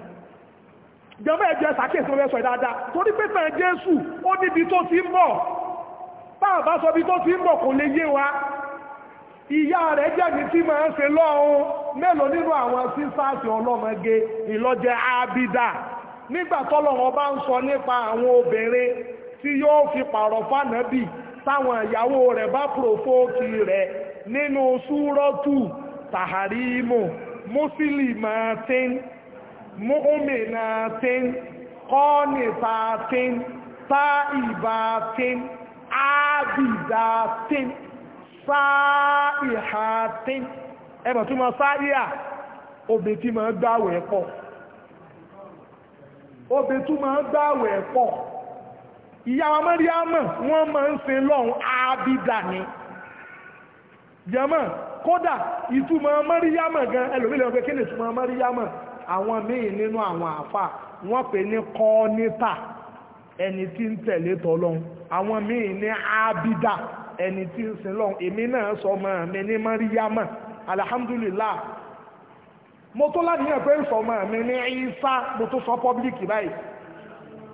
jọba ẹ̀jẹ̀ sàkíyèsí ló fẹ́ sọ dáadáa torí pé jésù ó níbi tó ti ń bọ̀ báà sọ bí tó ti ń kò lè yé wa ìyá tí ṣe mélòó nínú àwọn sísáàsì ọlọ́mọge ìlọ́jẹ nígbà bá ń sọ nípa àwọn obìnrin tí táwọn ìyàwó rẹ̀ bá pòfóòkì rẹ̀ nínú súrọ́tù tàhàrímù mùsùlùmáàtín mùmìnàtín kọ́nìtàtín táìbàtín ábìdàtín sáìhàtín ẹbọ̀ tí mọ́ sáìhà obè tí mọ́ gbáwẹ̀ pọ̀ obè tí mọ́ gbáwẹ̀ pọ̀ ìyàwó mẹ́ríàmù wọ́n máa ń sin lọ́hun ábídà ni jẹ́mọ̀ kódà ìtumọ̀ mẹ́ríàmù gan ẹlòmílẹ̀ ọgbẹ́ kíni ìtumọ̀ mẹ́ríàmù àwọn míì nínú àwọn àfà wọ́n pè ní kọ́nítà ẹni tí ń tẹ̀lé tọ́lọ́hun àwọn míì ní ábídà ẹni tí ń sin alhamdulillah mo tó láti yàn pé ń sọ ọmọ mi ní ìsá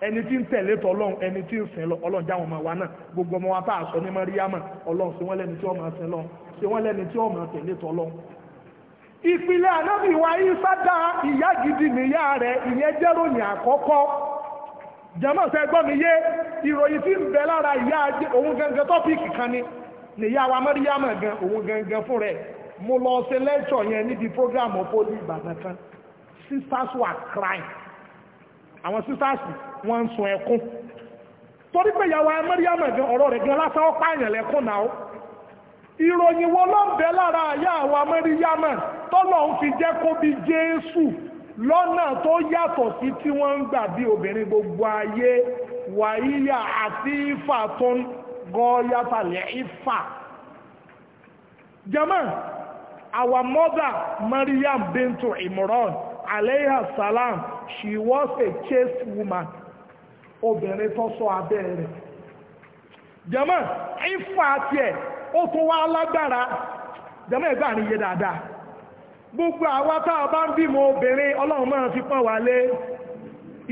ẹni tí ń tẹ̀lé tọ́lọ́n ẹni tí ń sìn lọ ọlọ́run jáwọn ọmọ wa náà gbogbo ọmọ wa tá a sọ ní mọ́ríyámà ọlọ́run ṣe wọ́n lẹ́ni tí ó máa sìn lọ ṣe wọ́n lẹ́ni tí ó máa tẹ̀lé tọ́lọ́n. ìpìlẹ̀ ànábì wa Ìsá dá ìyá gidi nìyá rẹ̀ ìyẹn jẹ́ ròyìn àkọ́kọ́ jẹ́mọ̀ sẹ́ gbọ́ mi yé ìròyìn tí ń bẹ lára ìyá òun gangan tọ́pìkì kan ni nìyá wa mọ́ríyámà gan òun gangan fún rẹ̀ mo lọ ṣe lẹ́tọ̀ yẹn níbi prógráàmù poli Ìbàdàn kan sisters were crying àwọn sisters wọ́n ń sun ẹkún torí pé ìyàwó amẹ́ríàmọ̀ gan ọ̀rọ̀ rẹ̀ gan lásán ó pààyàn lẹ́kún náà ìròyìn wo ló ń bẹ lára àyà àwọn amẹ́ríàmọ̀ tọ́lọ̀ ń fi jẹ́ kó bí Jésù lọ́nà tó yàtọ̀ sí tí wọ́n ń gbà bí obìnrin gbogbo ayé wàyíyà àti ifá tó ń gọ́ yàtàlẹ̀ ifá jama our mother Maryam bintu Imran alayha salam she was a chaste woman obìnrin tó sọ abẹ́ rẹ̀ jẹ́mọ́ ìfà tiẹ̀ ó tún wá lágbára jẹ́mọ́ ẹ̀gbà ní iye dáadáa gbogbo àwa tá a bá ń bímọ obìnrin ọlọ́run máa fi pọ́n wá lé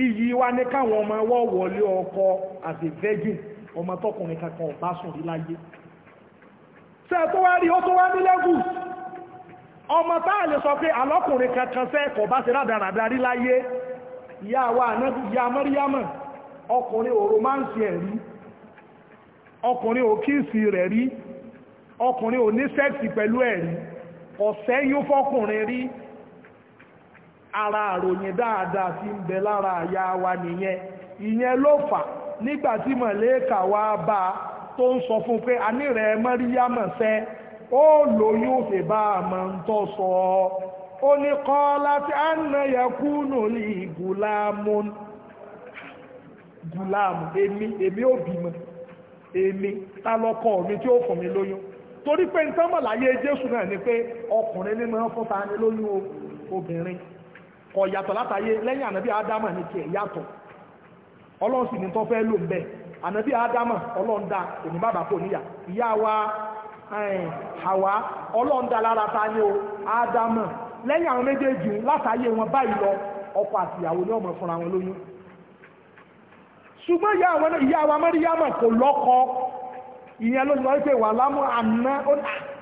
iyì wa ní káwọn ọmọ ẹwọ́ wọlé ọkọ as a virgin ọmọ tọkùnrin kankan ọba sùn rí láyé ṣe tó wá rí ó tó wá ní lẹ́gù ọmọ táà lè sọ pé alọ́kùnrin kankan fẹ́ kọ̀ bá ṣe rádaràdarí láyé ìyá wa ànábì ìyá mẹ́ríyámọ̀ ọkùnrin ò ẹ̀ rí ọkùnrin ò rẹ̀ rí ọkùnrin ò ní pẹ̀lú ẹ̀ rí ọ̀sẹ́ fọ́kùnrin rí ara àròyìn dáadáa ti ń bẹ lára àyà wa nìyẹn ìyẹn ló fà nígbàtí mọ̀lẹ́kà bá tó ń sọ fún ó lóyún òfè bá ó ní kọ́ láti àná yakúnù lè gùlámù gùlámù emi èmi ò emi ta lọ́kọ mi tí ó fún mi lóyún torí pé n tánmọ̀ láyé jésù náà ni pé ọkùnrin ní mọ́ fún ta ni lóyún obìnrin kọ yàtọ̀ látàyé lẹ́yìn ànábì ádámà ní tiẹ̀ yàtọ̀ ọlọ́run sì ní fẹ́ lò ń ànábì ádámà ọlọ́run dá bàbá kò níyà ìyá o ádámà lẹ́yìn àwọn méjèèjì látàyè wọn báyìí lọ ọkọ àti ìyàwó ni ọmọ fúnra wọn lóyún ṣùgbọ́n ìyá àwọn ìyá wa mọ́ríyámà kò lọ́kọ ìyẹn ló sọ pé wà lámú àná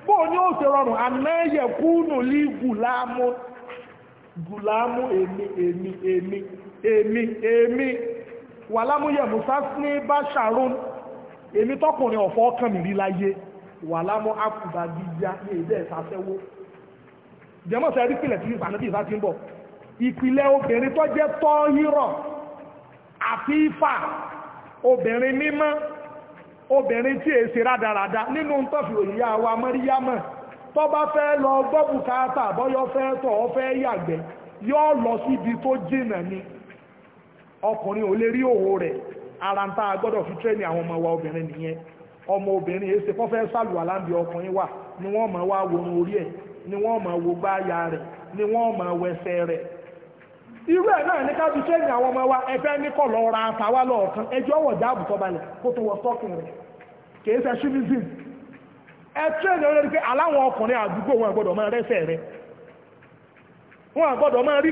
bóò ní ó ṣe rọrùn àná yẹ kúnnù lí gùlámù gùlámù èmi èmi èmi èmi èmi wà lámú yẹ musa ní basharun èmi tọkùnrin ọ̀fọ́ ọkàn mi rí láyé wà lámú akùbà bíyá ní èdè ìsàfẹ́wó jẹ́mọ́ sọ ẹ̀rí pìlẹ̀ tí ànábì ìfà ti ń bọ̀ ìpìlẹ̀ obìnrin tó jẹ́ tọ́ hírọ̀ àfi ìfà obìnrin mímọ́ obìnrin tí èsì rádaràda nínú tọ́fì òyìyá wa mọ́ríyámọ̀ tó bá fẹ́ lọ gbọ́ bùkátà bọ́yọ́ fẹ́ tọ̀ ọ fẹ́ yàgbẹ́ yóò lọ síbi tó jìnà ni ọkùnrin ò lè rí òwò rẹ̀ ara ń tá a gbọ́dọ̀ fi tẹ́ni àwọn ọmọ wa obìnrin nìyẹn ọmọ obìnrin èsì kọ́ fẹ́ sàlùwà láǹdì ọkùnrin wà ni wọ́n mọ̀ wá wọnú orí ẹ̀ ni wọ́n máa wo gbáàyà rẹ̀ ni wọ́n máa ẹsẹ̀ rẹ̀ irú ẹ̀ náà ní ká fi ṣẹ́yìn àwọn ọmọ wa ẹ̀fẹ́ ní lọ ra lọ́ọ̀kan ẹjọ́ wọ̀ jáàbù tó balẹ̀ kó tó wọ sọ́ọ̀kì rẹ̀ kìí ṣe ẹ tún pé aláwọn ọkùnrin rẹ́sẹ̀ rẹ̀ wọn máa rí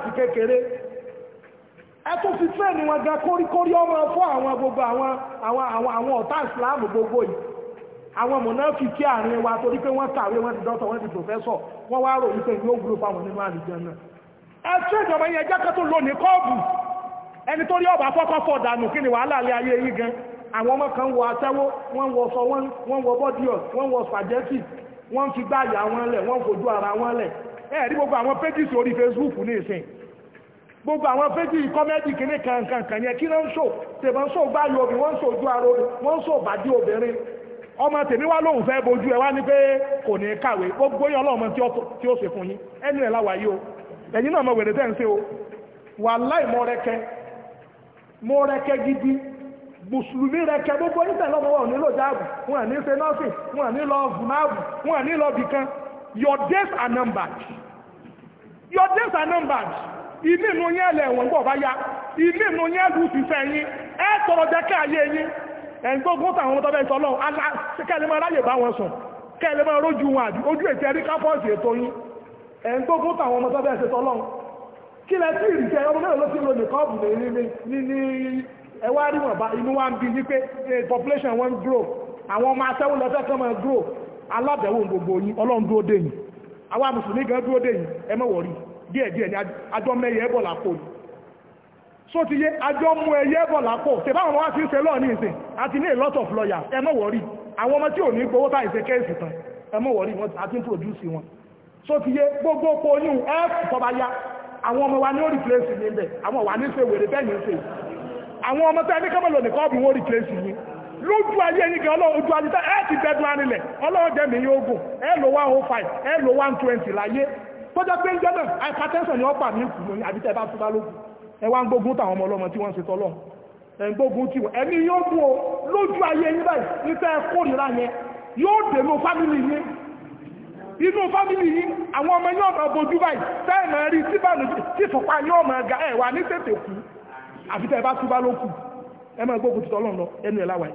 rẹ̀ wọn ẹ tó fẹ́ ni wọn gan kóríkórí ọmọ fún àwọn gbogbo àwọn àwọn àwọn àwọn ọ̀tá ìsìláàmù gbogbo yìí àwọn mọ̀nàfìkì àárín wa torí pé wọ́n kàwé wọ́n ti dọ́tọ̀ wọ́n ti pòfẹ́sọ̀ wọ́n wá rò wípé yóò wúlò fáwọn nínú àlùjẹ náà ẹ tún ìjọba yẹn jẹ́ kẹ́tọ́ lónìí kọ́ọ̀bù ẹni tó rí ọba fọ́kọ́ fọ̀ dànù kí ni wàhálà lé ayé yìí gan àwọn ọmọ kan wọ atẹ́wó wọ́n wọ sọ wọ́n wọ bọ́díọ̀ wọ́n wọ spaghetti wọ́n fi gbáyà wọn lẹ̀ wọ́n fojú ara wọn lẹ̀ ẹ̀ẹ́dí gbogbo àwọn pages orí Facebook ní ìsìn gbogbo àwọn fẹ́jì kọ́mẹ́dì kìíní kankankan yẹn kí ló ń ṣò tèmọ́ ń ṣò báyìí obì wọ́n ń ojú ara wọ́n ń ṣò obìnrin ọmọ tèmi wá lóhùn fẹ́ bojú ẹ wá ní pé kò ní kàwé gbogbo yẹn ọlọ́mọ tí ó ṣe fún yín ẹni ẹ̀ láwàá yìí o ẹ̀yin náà mọ̀ wèrè tẹ́ ń ṣe o wàláì mọ rẹkẹ mọ rẹkẹ gidi mùsùlùmí rẹkẹ gbogbo yín tẹ̀lé ọmọ wa ò jáàbù wọn ní ṣe nọ́ọ̀sì wọn ní lọ bùnáàbù wọn ní lọ bìkan your days are numbered your days are numbered ilé inú yẹn lẹ̀ wọ́n gbọ́ bá ya ilé inú yẹn lù sí fẹ́ yín ẹ tọrọ jẹ́ kí ayé yín ẹ̀yìn tó gún tàwọn tọ́bẹ̀ ìtọ́lọ́ kẹ́lẹ́ máa ráyè bá wọn sùn kẹ́lẹ́ máa rójú wọn àbí ojú ètẹ́ rí kápọ́ọ̀sì ètò yín ẹ̀yìn tó gún tàwọn ọmọ tọ́bẹ̀ ìtọ́lọ́ kí lẹ tí ìrìṣẹ́ ọmọ mẹ́rin ló ti lo nìkọ́ọ̀bù ní ní ẹwà ríwọ̀n bá inú wa ń bí ní pé population wọn grow àwọn ọmọ asẹ́wó lọ́fẹ́ kan máa grow alábẹ̀wò gbogbo yín ọlọ́run dúró dé yìí àwa mùsùlùmí gan dúró dé yìí ẹ mọ̀ wọ̀rí díẹ̀díẹ̀ ni ajọ́ mẹ́yẹ ẹbọ̀ lápò so ti yé ajọ́ mú ẹyẹ ẹbọ̀ lápò tẹ̀báwọn wá sí ń ṣe lọ́ọ̀ ní ìsìn ní a lot of lawyers ẹ má wọ̀rí àwọn ọmọ tí ò ní gbowó tá ìṣe tán ẹ má wọ̀rí wọn àti ń wọn so ti gbogbo tọba ọmọ wa ní ó replace ọmọ replace lójú ayé kan ọlọ́run ojú ayé arinlẹ̀ ọlọ́run tó jẹ́ pé ń jẹ́ náà hypertension ni wọ́n pà mí kù lónìí àbí tẹ́ bá tún bá lókù ẹ wá ń gbógun táwọn ọmọ ọlọ́mọ tí wọ́n ń ṣe tọ́lọ́ ẹ̀ ń gbógun tí wọ́n ẹ̀mí yóò mú o lójú ayé yín báyìí nípa ẹ kórìíra yẹn yóò dènú fámìlì yín inú fámìlì yín àwọn ọmọ yóò máa bojú báyìí tẹ́ẹ̀mọ̀ rí tí bànújẹ́ tí fọ̀pá yóò máa ga ẹ̀ wà ní tètè kú àbí tẹ́ bá tún bá lókù ẹ máa gbógun ti tọ́lọ́ lọ ẹnu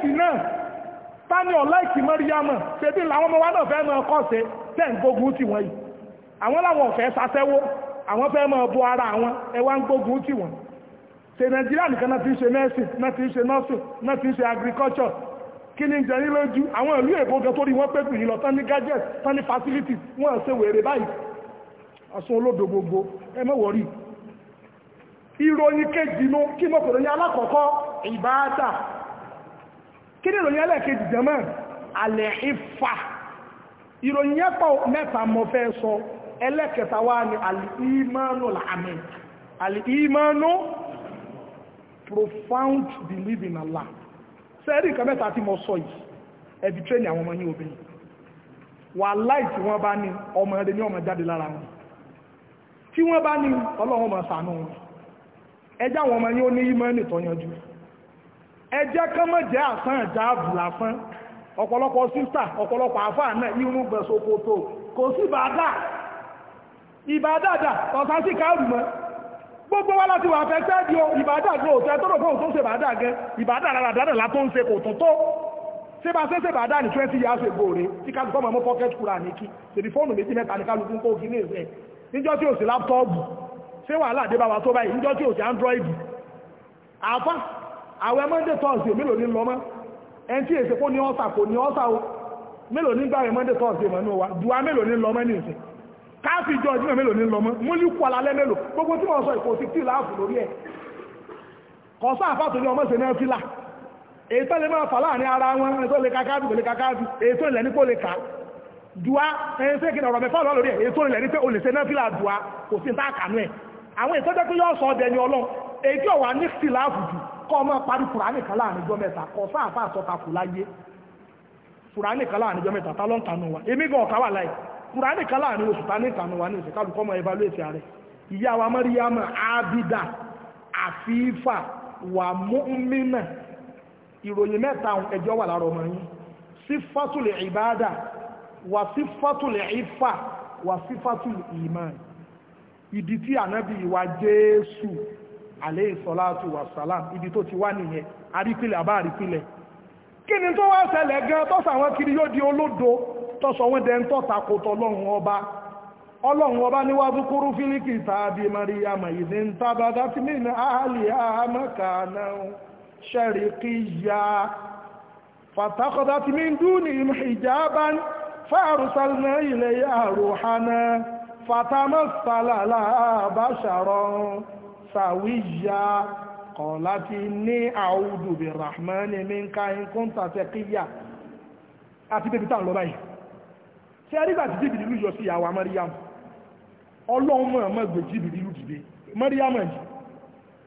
sí náà tani ọ̀láìkì mọ́ríyámọ̀ ṣebí làwọn ọmọ wa náà fẹ́ máa kọ́sẹ̀ tẹ́ ń gbógun tì wọ́n yìí àwọn làwọn ọ̀fẹ́ sasẹ́wó àwọn fẹ́ ara àwọn ẹ ń gbógun tì wọ́n ṣe nàìjíríà nìkan náà ti ń ṣe nursing náà ti ń ṣe nursing ti ń ṣe agriculture kí ni jẹ ní lójú àwọn ìlú gan tó rí lọ tán ní gadget tán ní ṣe wèrè báyìí ọ̀sùn kí ni ìròyìn ẹlẹ́ẹ̀kejì jẹ́mọ́ alẹ́ ìfà ìròyìn ẹ̀pọ̀ mẹ́ta mọ́ fẹ́ sọ ẹlẹ́kẹta wá ní alìímánú làmì alìímánú profound belief in Allah sẹ́rí nǹkan mẹ́ta tí mo sọ yìí ẹbí tẹ́ ní àwọn ọmọ yín obìnrin wà láì tí wọ́n bá ní ọmọ rẹ̀ ní ọmọ jáde lára wọn tí wọ́n bá ní ọlọ́run ọmọ sànú wọn ẹjá àwọn ọmọ yín ó ní ìmánì tó yanjú ẹjẹ́ kán mọ́ jẹ́ àsán ìjáàbù lásán ọ̀pọ̀lọpọ̀ sísà ọ̀pọ̀lọpọ̀ àfáà náà irun gbẹ̀sọ̀kòtò kò sí ìbàdà ìbàdàdà ọ̀sán sí káàrùmọ́ gbogbo wá láti wà fẹ́ tẹ́ẹ̀dì o ìbàdà gan òtẹ́ tó rò fún òtún ṣèbàdà gan ìbàdà ráradàdà látó ń ṣe kò tún tó ṣe bá ṣe ṣèbàdà ní 20 years ago rẹ̀ tí ká gbọ́mọ̀ mọ́ pocket kúrò àníkí tèbí fóònù méjì mẹ́ta ní kálukú kó kí ní ìfẹ́ níjọ́ tí ò sí láptọ́ọ̀bù ṣé wàhálà dé bá wa tó báyìí níjọ́ tí ò sí android àfá àwẹ̀ monday thursday mélòó ní lọ mọ́ ẹni tí èsèpó ní ọ́sà kò ní ọ́sà o mélòó ní gbàwẹ̀ monday thursday mọ́ ní wa dùwà mélòó ní lọ mọ́ ní ìsìn káàfì jọ ìdílé mélòó ní lọ mọ́ múlíkù alalẹ́ mélòó gbogbo tí wọ́n sọ ìkò sí tí láàfù lórí ẹ̀ kọ̀ọ̀sá àfàtò ní ọmọ ìsìn náà fìlà èyí tó lè máa fà láàrin ara wọn ẹni tó lè kakáàbì kò lè kakáàbì èyí tó lè ní kò lè kà dùá ẹni tó kìnnà ọ̀rọ̀ mẹ́fà lọ́wọ́ lórí ẹ̀ èyí tó lè ní pé o lè ṣe náà fìlà dùá kò sí ní tá àkànú ẹ̀ àwọn ìtọ́jọ́ kọ́ ọmọ parí kùránì kan láàrin ìjọ mẹ́ta kọ sáàfà àtọ́takù láyé kùránì kan láàrin ìjọ mẹ́ta tálọ́ ìtànú wa èmi gan ọ̀ká wà láì kùránì kan láàrin oṣù tání ìtànú wa ní oṣù kálukọ́ mọ evaluate rẹ̀ ìyá wa mọ́ríyámà abida àfífà wà múmínà ìròyìn mẹ́ta ẹjọ́ wà lára ọmọ yín sífàtùlẹ̀ ìbáadà wà sífàtùlẹ̀ ìfà wà sífàtùlẹ̀ ìmánì ìdí tí ànábì ìwà jésù àlẹ́ ìsọ̀láàtù wàsálàm ibi tó ti wá nìyẹn àrípìlẹ̀ àbá àrípìlẹ̀ kí ni tó wá ṣẹlẹ̀ gan tọ́sà àwọn kiri yóò di olódo tọ́sọ wọn dẹ̀ ń tọ́ta kò tọ́lọ́run ọba ọlọ́run ọba ní wájú kúrú fílíkì tàbí mariama ìdí ń tábàdá tí mìíràn áhàlì àmàkànà ṣẹ̀ríkìyà fàtàkọ́dá sàwíyá kan láti ní àwùdù bí rahman ní ká in kọ́ntà tẹ kíyà àti bébí tàn lọ báyìí tí a nígbà tí jìbìrì lù yọ sí àwà mariam ọlọ́mọ ọmọ ẹgbẹ̀ jìbìrì lù dìde mariam yìí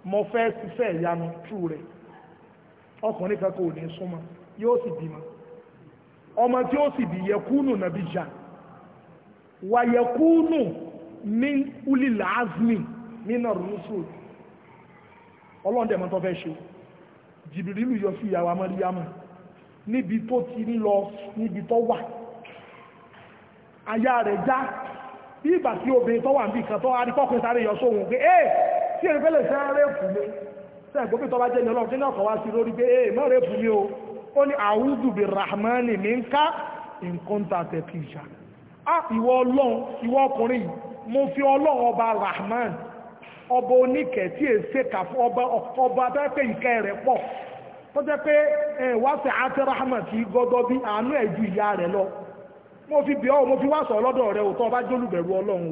mo fẹ́ ṣiṣẹ́ ìyanu tú rẹ̀ ọkùnrin kan kò ní súnmọ́ yóò sì bímọ ọmọ tí ó sì bí yẹkúnù nàbíjà wà yẹkúnù min ulil nínà rúṣùl ọlọ́ndẹ̀ mọ́tọ́ fẹ́ ṣe jìbìrìlù yọ sí ìyàwó amọ́ríyámọ̀ níbi tó ti ń lọ níbi tó wà aya rẹ̀ já bí ìgbà tí obìnrin tó wà níbi kan tó arípọ́kùn sáré yọ sóhun pé ee tí èrè fẹ́lẹ̀ sáré fún mi sẹ́gbó bí tọba jẹ́ ní ọlọ́run tí náà kọ̀ wá sí lórí pé ee mọ́rẹ̀ fún mi o ó ní àwùjù bí rahmani mi ń ká nǹkan tà tẹ̀ kìí ṣà ah ìwọ ọlọ́run ìwọ ọkùnrin mo fi ọlọ́run ọba rahman ọba oníkẹ̀ tí è ṣe kà fún ọba ọba tó pé ìkẹ́ rẹ̀ pọ̀ tó jẹ́ pé wá sí àtẹ́ràmà tí gọ́gọ́ bí àánú ẹ̀ ju ìyá rẹ̀ lọ mo fi bí ọ́ mo fi wá sọ lọ́dọ̀ rẹ̀ òtọ́ ọba jólùbẹ̀rù ọlọ́run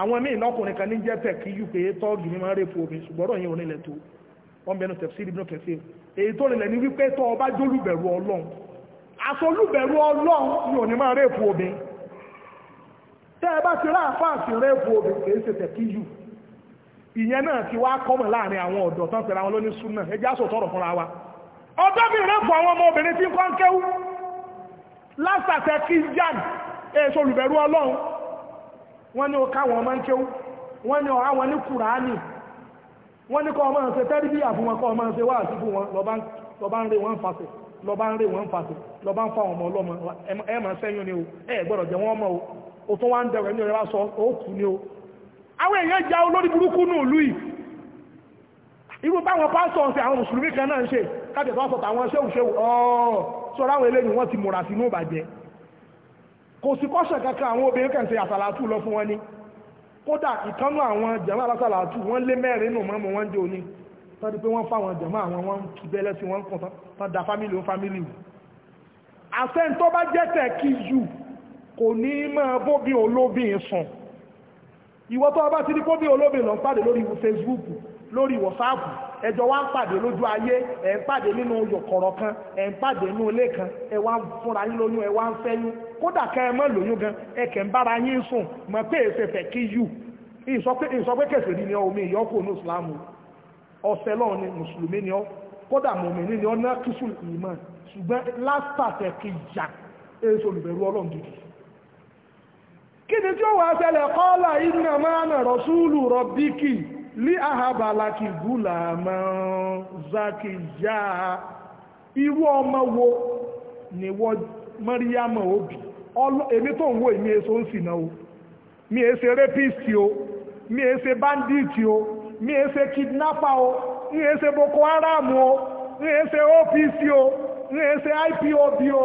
àwọn míì lọ́kùnrin kan ní jẹ́ tẹ̀ kí yú pé tọ́ọ̀gì ní máa ń rèpo omi ṣùgbọ́n yìí ò nílẹ̀ tó wọ́n bẹnu tẹ̀sí ìdíbìnú kẹfẹ́ èyí tó nílẹ̀ ní wípé tọ́ ọba jólùbẹ̀rù ọlọ́run àtọ́lùbẹ̀rù ọlọ́run ni ò ní máa rèpo omi tẹ́ ẹ bá ti rá àfáàsì rèpo omi kì í ṣe tẹ̀ kí yú ìyẹn náà ti wá kọ́mọ̀ láàrin àwọn ọ̀dọ́ tán pẹ̀lú àwọn lóní súnà ẹjẹ́ àṣò tọrọ fúnra wa ọdọ́bìnrin fún àwọn ọmọ obìnrin tí ń kọ́ ń kéwú lásàtẹ̀ christian èso olùbẹ̀rù ọlọ́run wọ́n ní ọká wọn máa ń kéwú wọ́n ní ọ̀há wọn ní kùránì wọ́n ní kọ́ ọmọ ṣe tẹ́rìbíyà fún wọn kọ́ ọmọ ṣe wá sí fún wọn lọ́bá ń rè wọ́n fàṣẹ lọ́bá ń rè wọ́n fàṣẹ o ẹ gbọ́dọ̀ ní ọ̀rẹ́ àwọn èèyàn ja olórí burúkú ní ìlú yìí irú báwọn pásítọ̀ ṣe àwọn mùsùlùmí kan náà ń ṣe kájẹ̀ tó sọ̀tà àwọn ṣéwù ṣéwù ọ̀ọ́ sọ̀rọ̀ àwọn eléyìí wọ́n ti múra sínú ìbàjẹ́ kò sí kọ́ṣẹ̀ kankan àwọn obìnrin kan ṣe àsàlátù lọ fún wọn ni kódà ìkánú àwọn jàmá alásàlátù wọ́n lé mẹ́rin nù mọ́mọ́ wọn jẹ́ òní tọ́dí pé wọ́n fáwọn jàmá àwọn wọn kì bẹ́lẹ́ sí wọn kàn tán da fámìlì ó fámìlì wù àṣẹ tó bá jẹ́ tẹ̀ kí yù kò ní máa bóbi olóbìn sùn ìwọ tó bá ti ní kó bí olóbìnrin lọ ń pàdé lórí Facebook lórí WhatsApp ẹjọ́ wá ń pàdé lójú ayé ẹ̀ ń pàdé nínú yọ̀kọ̀rọ̀ kan ẹ̀ ń pàdé nínú ilé kan ẹ wá ń fúnra yín lóyún ẹ wá ń fẹ́yún kódà kẹ́ ẹ mọ́ lóyún gan ẹ kẹ́ ń bára yín sùn mọ̀ pé èsè e fẹ́ kí yù ìsọpé kẹsì rí ni ọ omi ìyọ́kù ní ìsìlámù ọ̀sẹ̀ lọ́wọ́ ni mùsùlùmí ni ọ kódà mùmìnì ni ọ náà kìsùn ìmọ̀ ṣùgbọ́n lásìtàfẹ́ kìjà èso olùbẹ̀rù ọlọ́run gidi kí ni tí ó wà ṣẹlẹ̀ kọ́lá iná máa nà rọ̀súùlù rọ̀bíkì lí àhàbàlà kì gúlà máa zakiya irú ọmọ wo ni wọ́n mọ́ríyámà òbí èmi tó ń wo èmi èso ń sìnà o mi è ṣe rẹ́pìsì o mi è ṣe báńdíìtì o mi è ṣe kìdínápà o mi è ṣe boko haram o mi è ṣe opc o mi è ṣe ipob o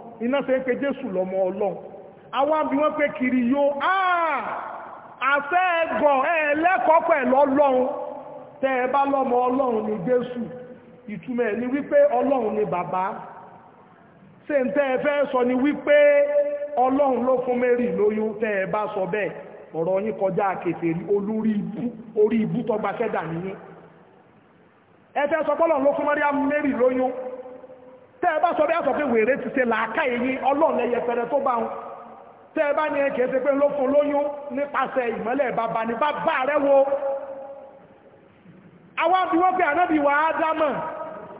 iná ṣe ń pe jésù lọ́mọ ọlọ́run àwọn àbí wọ́n pé kiri yóò ah! àṣẹ ẹ̀gọ̀ ẹ̀ẹ́lẹ́kọ̀ọ́ pẹ̀lú ọlọ́run tẹ́ ẹ bá lọ́mọ ọlọ́run ní jésù ìtumọ̀ ni wípé ọlọ́run ni bàbá ṣe ń tẹ́ ẹ fẹ́ sọ ni wípé ọlọ́run ló fún mary lóyún tẹ́ ẹ bá sọ bẹ́ẹ̀ ọ̀rọ̀ yín kọjá kèfèrí olórí ibú orí ibú tọgbà kẹ́dà nìyí ẹ fẹ́ sọ pé ọlọ́run ló fún mary lóyún tẹ́ sọ bí àsọ wèrè ti ṣe làákà yìí ọlọ́ọ̀lẹ́ yẹpẹrẹ tó bá wọn tẹ́ ní ẹkẹ́ ṣe pé ló fún lóyún nípasẹ̀ ìmọ́lẹ̀ bàbá ní bàbá rẹ̀ wo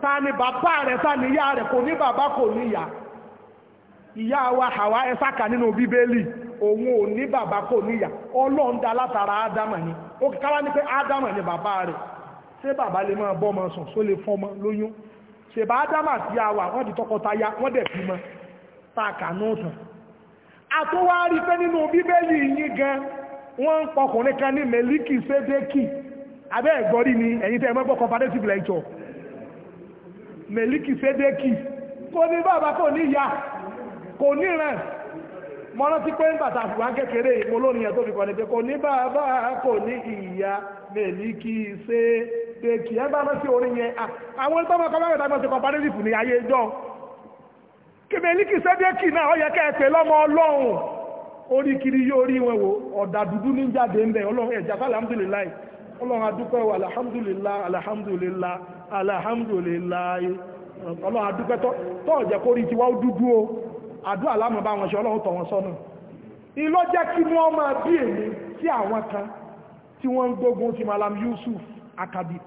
ta ni bàbá rẹ̀ ta ni ìyá rẹ̀ kò ní bàbá kò ní ìyá ìyá wa Hawa ẹsáka nínú bíbélì òun ò ní bàbá kò ní ìyá látara ni ó ni bàbá rẹ̀ ṣé bàbá lè máa bọ́ sùn só lè fọ́mọ lóyún ṣèbá ádámà tí a wà wọ́n di tọkọtaya wọ́n dẹ̀ bímọ tààkà náà tàn àtúwárí pé nínú bíbélì yín gan wọ́n ń pọkùnrin kan ní mẹ́líkì sédékì abẹ́ ẹ̀gbọ́rí ni ẹ̀yin tẹ́ ẹ mọ́gbọ́ comparative lecture mẹ́líkì sédékì kò ní bàbá kò ní ìyá kò ní ìran mo rántí pé nígbà tá a èkì ẹ bá lọ sí orin yẹn ah, àwọn tó mọ́kọ́ mẹ́rẹ̀ta gbọ́n ti comparative ní ayé ìjọ kìmẹ̀líkì sẹ́dẹ́kì náà ó yẹ kẹ́ẹ̀pẹ́ lọ́mọ ọlọ́run orí kiri yóò rí wọn wò ọ̀dà dúdú ní jáde ń bẹ̀ ọlọ́run adúpẹ́ ọlọ́run adúpẹ́ kó rí tiwá dúdú o bá wọn ṣe ọlọ́run tọ̀ wọn sọ́nà akabit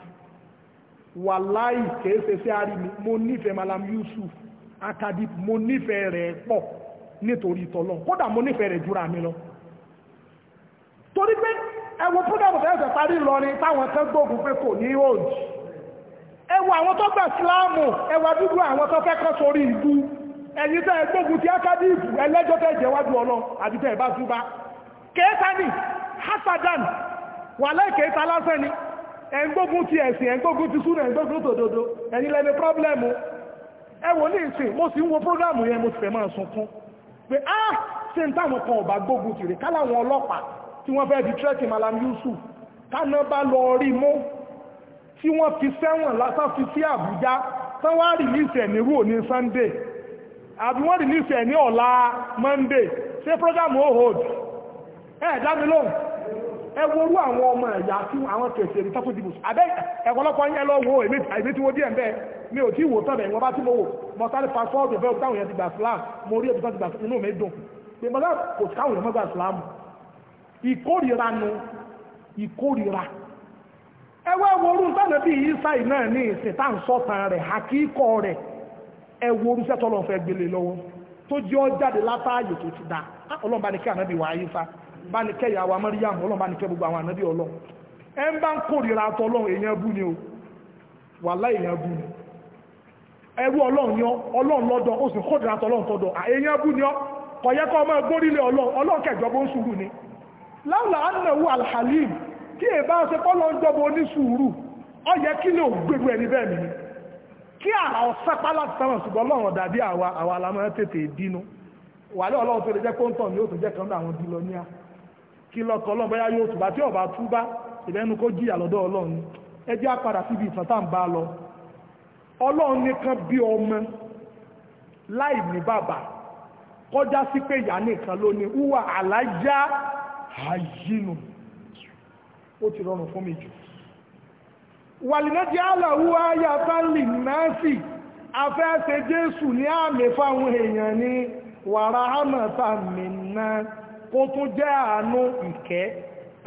wàláì kèése sí àrími mo nífẹ̀ẹ́ malam yusuf akabit mo nífẹ̀ẹ́ rẹ̀ pọ̀ nítorí tọ́lọ́ kódà mo nífẹ̀ẹ́ rẹ̀ jùra mi lọ torí pé ẹwọ púdàmù tẹ́ẹ̀sẹ̀ parí lọ ni táwọn kan gbógun pé kò ní òjì ẹwọ àwọn tó gbà síláàmù ẹwà dúdú àwọn tó fẹ́ kọ́ sórí ìlú ẹ̀yin tẹ́ gbógun ti akadíìbù ẹlẹ́jọ́ tẹ́ jẹ́wájú ọlọ́ àbí tẹ́ bá túbá kẹta ni hasadan wà lẹ́kẹta lásán ni ẹ̀ńgbógun ti ẹ̀sìn ẹ̀ńgbógun ti súnà ẹ̀ńgbógun tòdodo ẹ̀yin lẹ́ni pọ́blẹ́mù ẹ wò ní ìsìn mo sì ń wo prógrámù yẹn mo sì fẹ́ máa sunkún pé á ṣe ń táwọn kan ọ̀bà gbógun tìrì káláwọn ọlọ́pàá tí wọ́n fẹ́ di trekking Malam Yusuf káná bá lọ rí mú tí wọ́n fi sẹ́wọ̀n lásán fi sí Àbújá tán wá rìlíìsì ẹ̀ ní rúò ní Sunday àbí wọ́n rìlíìsì ẹ̀ ní ọ̀la Monday ṣé prógrámù ó hold ẹ̀ dá mi lóhùn ẹwọ́rú àwọn ọmọ ẹ̀yà tí àwọn kẹsẹ̀ ní tọ́kù dìbò abẹ́ ẹ̀kọ́lọ́pọ̀ yẹn lọ wo èmi tí wo díẹ̀ bẹ́ẹ̀ mi ò tí wò tọ́bẹ̀ ìwọ̀n bá tí mo wò mo sáré passport ìfẹ́ táwọn yẹn ti gbà Islam mo rí ẹ̀bùsọ́ ti gbà inú mi dùn pé mo sáré kò sí káwọn yẹn mọ́ gbà Islam ìkórìíra nu ìkórìíra ẹwọ́ ẹwọ́rú sáré bí ìsáì náà ní ìsìn tá à ń sọ̀tàn rẹ̀ àkíkọ rẹ̀ ẹwọ́rú sẹ́tọ́ lọ́ fẹ́ gbélé lọ́wọ́ tó jẹ́ ọ jáde látàáyè tó ti dá ọlọ́mọba ni kí àná bá ní kẹ́ ìyàwó amáríyàmù ọlọ́run bá ní kẹ́ gbogbo àwọn ànábì ọlọ́run ẹ ń bá ń kórìíra àtọlọ́run èèyàn bú ni o wàláhì èèyàn bú ni ẹrú ọlọ́run yọ ọlọ́run lọ́dọ̀ ó sì kórìíra àtọlọ́run tọ́dọ̀ èèyàn ni ọ kọ̀yẹ́kọ́ ọmọ ẹgbórílẹ̀ alhalim kí èbá ṣe pọ́lọ ń jọba onísùúrù ọ yẹ mi kí àrà ọ̀sápá láti sáwọn ṣùgbọ́n ọlọ́run dàbí àwa àwa alamọ́ tètè dínú wà lé ọlọ́run tó lè jẹ́ pọ́ńtọ̀ ni ó tó jẹ́ kan náà àwọn bílọ́níà kí lọ́tọ̀ ọlọ́run bóyá yóò tùbá tí ọba túbá ìbẹ́nu kó jìyà lọ́dọ̀ ọlọ́run ẹ jẹ́ á padà síbi ń bá lọ ọlọ́run nìkan bí ọmọ láì ní bàbá kọjá sí pé ìyá nìkan ló ní wúwà àlájá àyínú ó ti rọrùn fún mi jù wàlìmẹ́jì aláwú ayá tánlì náàsì afẹ́ẹ́sẹ̀ jésù ní àmì fáwọn èèyàn ní wàrà hàmàtà mìíràn kó tún jẹ́ àánú ìkẹ́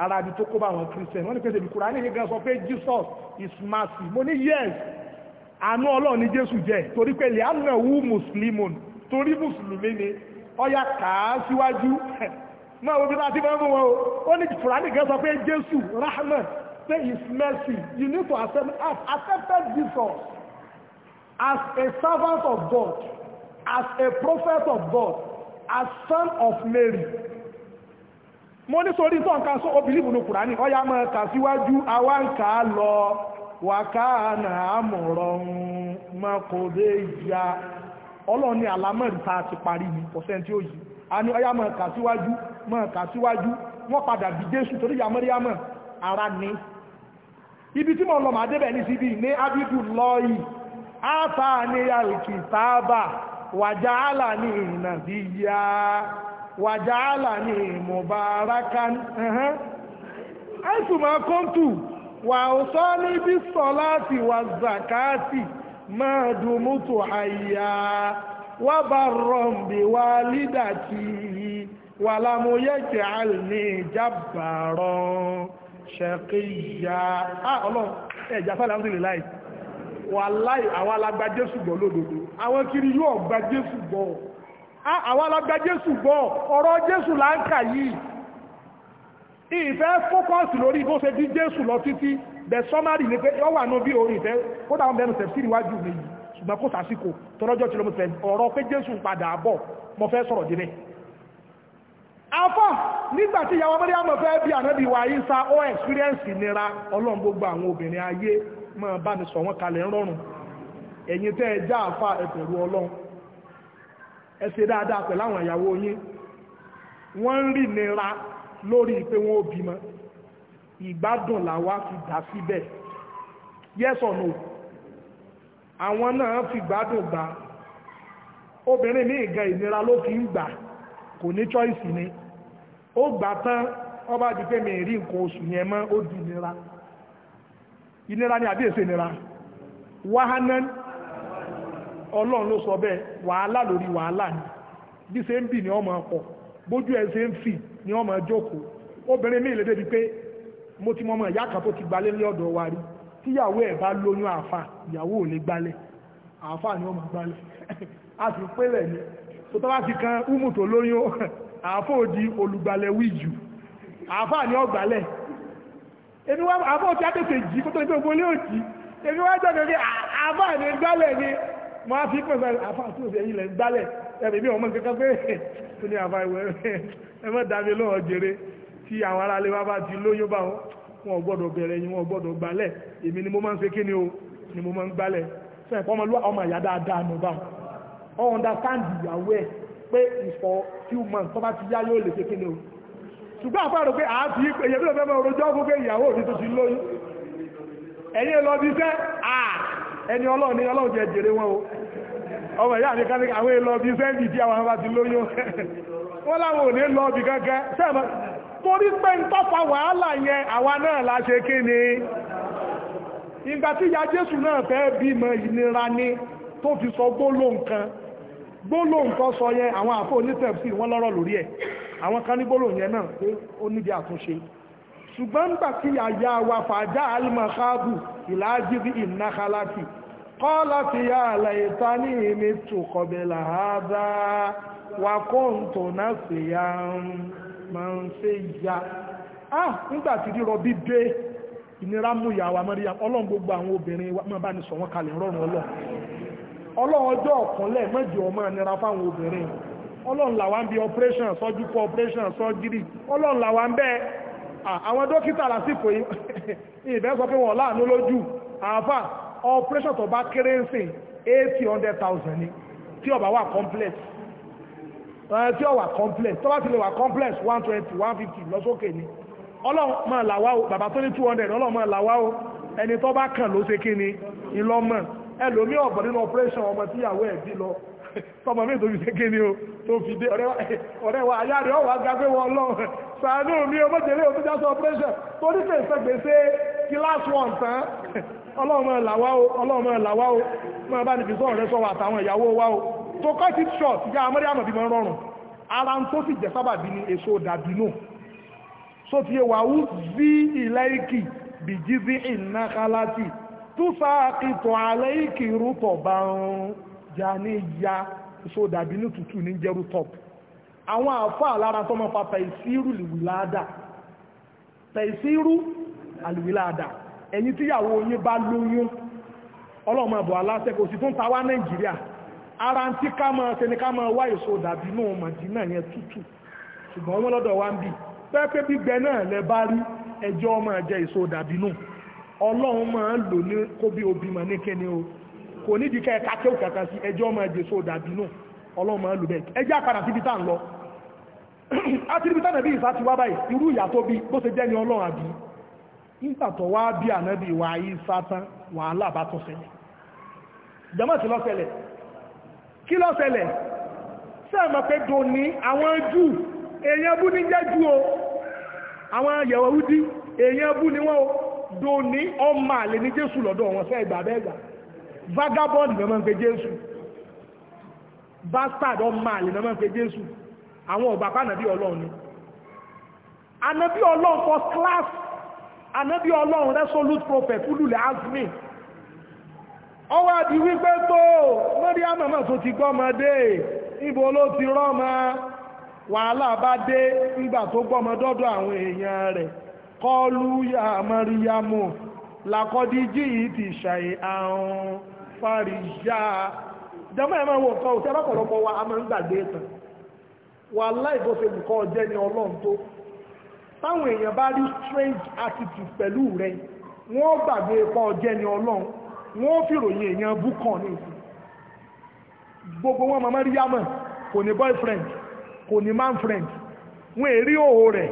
ara ibi tó kó bá àwọn christian wọ́n ní pé tèmi kúrò ní gan sọ pé jesus is mercy mo ní yes àánú ọlọ́run ni jésù jẹ́ torí pé lè àánú ẹ̀wú muslimun torí mùsùlùmí ni ọya kà á síwájú náà wọ́n bí láti fẹ́ mú wọn o ó ní kúrò ní gan sọ pé jésù rahman say his mercy you need to accept have accepted jesus as a servant of god as a prophet of god as son of mary mo ní sórí tó nǹkan sọ obìnrin ìbùnú kùránì ọyá máa kà síwájú àwa kà á lọ wàkánà àmọ̀rọ̀ mọ́kòdé ìyá tá a ti parí ni pọ̀sẹ́ntì òyì a ní máa kà síwájú máa kà síwájú wọ́n padà bí jésù torí ara ni ibi tí mo lọ débẹ̀ ní síbi ní wàjáàlà ni mubarakan àìsùnmá kọ́ńtù wà ọ̀sọ́ níbi sọ́láàtì wà zakati máa dùmútù àyà wà bá rọ̀m̀bì wà lídàtì wà lámúyẹ̀kẹ̀ àlìní jàbàrọ̀ ṣẹ̀kìyà ọlọ́run ẹ̀jà sálẹ̀ àmúlẹ̀ láì wà láì àwọn alágbà Jésù gbọ́ lódodo àwọn kiri yóò gba Jésù gbọ́ àwọn alágbà jésù gbọ́ ọ̀rọ̀ jésù là ń kà yìí ìfẹ́ fókọ́sì lórí bó ṣe di jésù lọ títí bẹ̀ sọ́márì ní pé ó wà ní bí orin ìfẹ́ kó dáwọn bẹnu tẹ̀sí ìwájú mi yìí ṣùgbọ́n kó sàsíkò tọ́lọ́jọ́ tí lọ́mọ tẹ̀lé ọ̀rọ̀ pé jésù ń padà bọ̀ mo fẹ́ sọ̀rọ̀ débẹ̀ afọ́ nígbà tí ìyàwó mẹ́rin àmọ̀ fẹ́ bí ànábì wa yìí sa ó ẹ̀sírẹ́ǹsì nira ọlọ́run gbogbo àwọn obìnrin ayé máa bá ní sọ wọ́n kalẹ̀ ń rọrùn ẹ̀yin tẹ́ ẹ já àfa ẹ̀bẹ̀rù ọlọ́run ẹ ṣe dáadáa pẹ̀lú àwọn ìyàwó yín wọ́n ń rí nira lórí pé wọ́n ó bímọ ìgbádùn làwa fi dá síbẹ̀ yes or no àwọn náà fi gbádùn gbà obìnrin ní ìgbà ìnira ló fi ń gbà kò ní choice ni ó gbà tán ó bá di pé mi rí nǹkan oṣù yẹn mọ́ ó di ìnira ìnira ni àbí èsè ìnira ọlọ́run ló sọ bẹ́ẹ̀ wàhálà lórí wàhálà ni bí se ń bì ní ọmọ ọ̀pọ̀ bójú ẹ̀ ṣe ń fì ní ọmọ jókòó obìnrin mi lédè pé mo ti mọmọ ọmọ ìyá kan tó ti gbalẹ̀ ní ọ̀dọ̀ wa rí tíyàwó ẹ̀ bá lóyún àáfà ìyàwó ò lè gbalẹ̀ ni ọmọ gbalẹ̀ a sì tó ti kan úmù tó lóyún àáfà ò di olùgbalẹ̀ wíjù àáfà ni ọgbàlẹ̀ èmi wá àáfà ò ti á tètè jí kó tó òjì èmi wá jẹ́ kẹ́kẹ́ gbalẹ̀ máa fi pẹ̀sẹ̀ àfáàtí òsì ẹ̀yìn lẹ̀ ń gbálẹ̀ ẹ̀rẹ̀ bí ọmọ kankan pé tó ní àfá ìwẹ̀ ẹmọ́ dábí lọ́wọ́ jèrè tí àwọn ará alẹ́ bá ti lóyún bá wọn gbọ́dọ̀ bẹ̀rẹ̀ yìí wọn gbọ́dọ̀ gbálẹ̀ èmi ni mo máa ń ṣe kíni o ni mo máa ń gbálẹ̀ fẹ́ ọmọ lúwà ọmọ ìyá dáadáa nù bá ọ understand ìyàwó ẹ̀ pé ìfọ̀ few months tó bá ti yá yóò lè ṣe kíni o ṣùgbọ́n àpárò pé àáfi èyẹ bí lọ́fẹ́ mọ́ orojọ́ fún pé ìyàwó òní tó ti lóyún ẹ̀yìn lọ bí iṣẹ́ ẹni ọlọ́run ni ọlọ́run jẹ jèrè wọn o ọmọ ìyá mi kan ní àwọn èlò ọbí sẹ́ńdì tí àwọn ọba ti lóyún wọ́n láwọn ò ní lọ ọbí kankan sẹ́ẹ̀mọ́ torí pé ń tọ́fà wàhálà yẹn àwa náà la ṣe kí ni ìgbà tí ìyá Jésù náà fẹ́ bímọ ìnira ni tó fi sọ gbólóhùn kan gbólóhùn tó sọ yẹn àwọn àfọ onítẹ̀sí wọn lọ́rọ̀ lórí ẹ̀ àwọn kan ní gbólóhùn yẹn náà pé ó níbi àtúnṣe ṣùgbọ́n nígbà tí àyà wa fàájà alimakabu ìlàjì bí ìnákaláti قالت يا ليتني مت قبل هذا وكنت نسيا منسيا ah nígbà tí rírọ bí dé ìnira mú ìyàwó amáríyá ọlọ́run gbogbo àwọn obìnrin máa bá ní sọ wọ́n kalẹ̀ rọrùn ma ọlọ́run ọjọ́ ọ̀kànlẹ̀ mẹ́jọ ọmọ ìnira fáwọn obìnrin ọlọ́run làwọn bí operation operation ọlọ́run làwọn bẹ́ẹ̀ ah, àwọn dókítà lásìkò yìí ìbẹ́ sọ pé wọ́n láàánú lójú àáfà operation tó bá kéré ń sìn eighty hundred thousand ni tí ó bá wà complex tí ó wà complex tó bá ti lè wà complex one twenty one fifty lọ́sókè ni ọlọ́run máa làwá o bàbá tó ní two hundred ọlọ́run máa làwá o ẹni tó bá kàn ló ṣe kí ni ìlọ́mọ̀ ẹlòmí ọ̀bọ̀ nínú operation ọmọ tíyàwó ẹ̀ bí lọ tọmọ mi tó fi ṣe kí ni o tó fi dé ọ̀rẹ́ wa ayá rẹ̀ ọ̀wà gagbé wọn lọ sàánú mi ọmọdé lé òtújá sọ operation torí kèsẹ̀ gbèsè kíláàsì wọn tán ọlọ́run ẹ̀làwá o ọlọ́run ẹ̀làwá o máa bá níbi sọ́rọ̀ rẹ sọ́wọ́ àtàwọn ìyàwó wa o tó kọ́ ti short ìyá amọ́rí àmọ̀bí mọ́ rọrùn ara ń tó sì jẹ́ sábàbí ni èso dàbí nù so ti yẹ wà ó sí ilẹ̀ ìkì bí jíjí ìnákálátì tó sa ìtọ̀ alẹ́ ìkì rútọ̀ bá ń jà ní ya èso dàbí nù tútù ní jẹ́rú top àwọn àfáà lára tó mọ́ fa tẹ̀síìrù ẹ̀yin tíyàwó onye bá lóyún ọlọ́mọ ẹ̀bọ̀ ala, sí tó ń ta wá nàìjíríà ara ń tí ká máa ṣe ká máa wá dàbí náà màdínà yẹn tútù ṣùgbọ́n wọ́n lọ́dọ̀ wá ń bì pẹ́pẹ́ gbígbẹ náà lẹ bá rí ẹjọ́ máa jẹ èso dàbí náà ọlọ́run máa ń lò ní kó bí ní kíni o kò nídìí ẹ̀ka kéwù kàkà sí ẹjọ́ dàbí náà ọlọ́run máa ń lò bẹ́ẹ̀ ẹjẹ́ àpàdà síbi nígbà tó wá bí ànábì wà yí sátán wàhálà bá tó ṣẹlẹ̀ jẹmọ́ sí ló ṣẹlẹ̀ kí ló ṣẹlẹ̀ sẹ́ẹ̀mọ̀ pé dò ní àwọn jù èèyàn bú ní jẹ́ jù o àwọn Yẹhudi èèyàn bú ni wọ́n o dò ní ọmọ àlè ní Jésù lọ́dọ̀ wọn fẹ́ ìgbà bẹ́ẹ̀gbà vagabond ni wọ́n ń pe Jésù bastard ọmọ àlè ni wọ́n ń pe Jésù class ànábí ọlọ́run resolute prophet ulule azmi ọwọ́ àti wípé tó lórí àmàmà ti gbọ́mọdé ibo ló ti rọ́mọ wàhálà bá dé nígbà tó gbọ́mọ àwọn èèyàn rẹ̀ kọlu mariamu làkọdíjì yìí ti àrùn jẹmọ́ ẹ̀mọ́ wọ̀ kọ́ wa a máa ń gbàgbé ìtàn wàhálà ìbọ̀sẹ̀ táwọn èèyàn bá rí strange attitude pẹ̀lú rẹ wọ́n gbàgbé ipa ọ̀jẹ́ ni ọlọ́run wọ́n fìròyìn èèyàn búkàn ní ìsìn gbogbo wọn mama Mariam kò ní boyfriend kò ní man friend wọn èrí òhò rẹ̀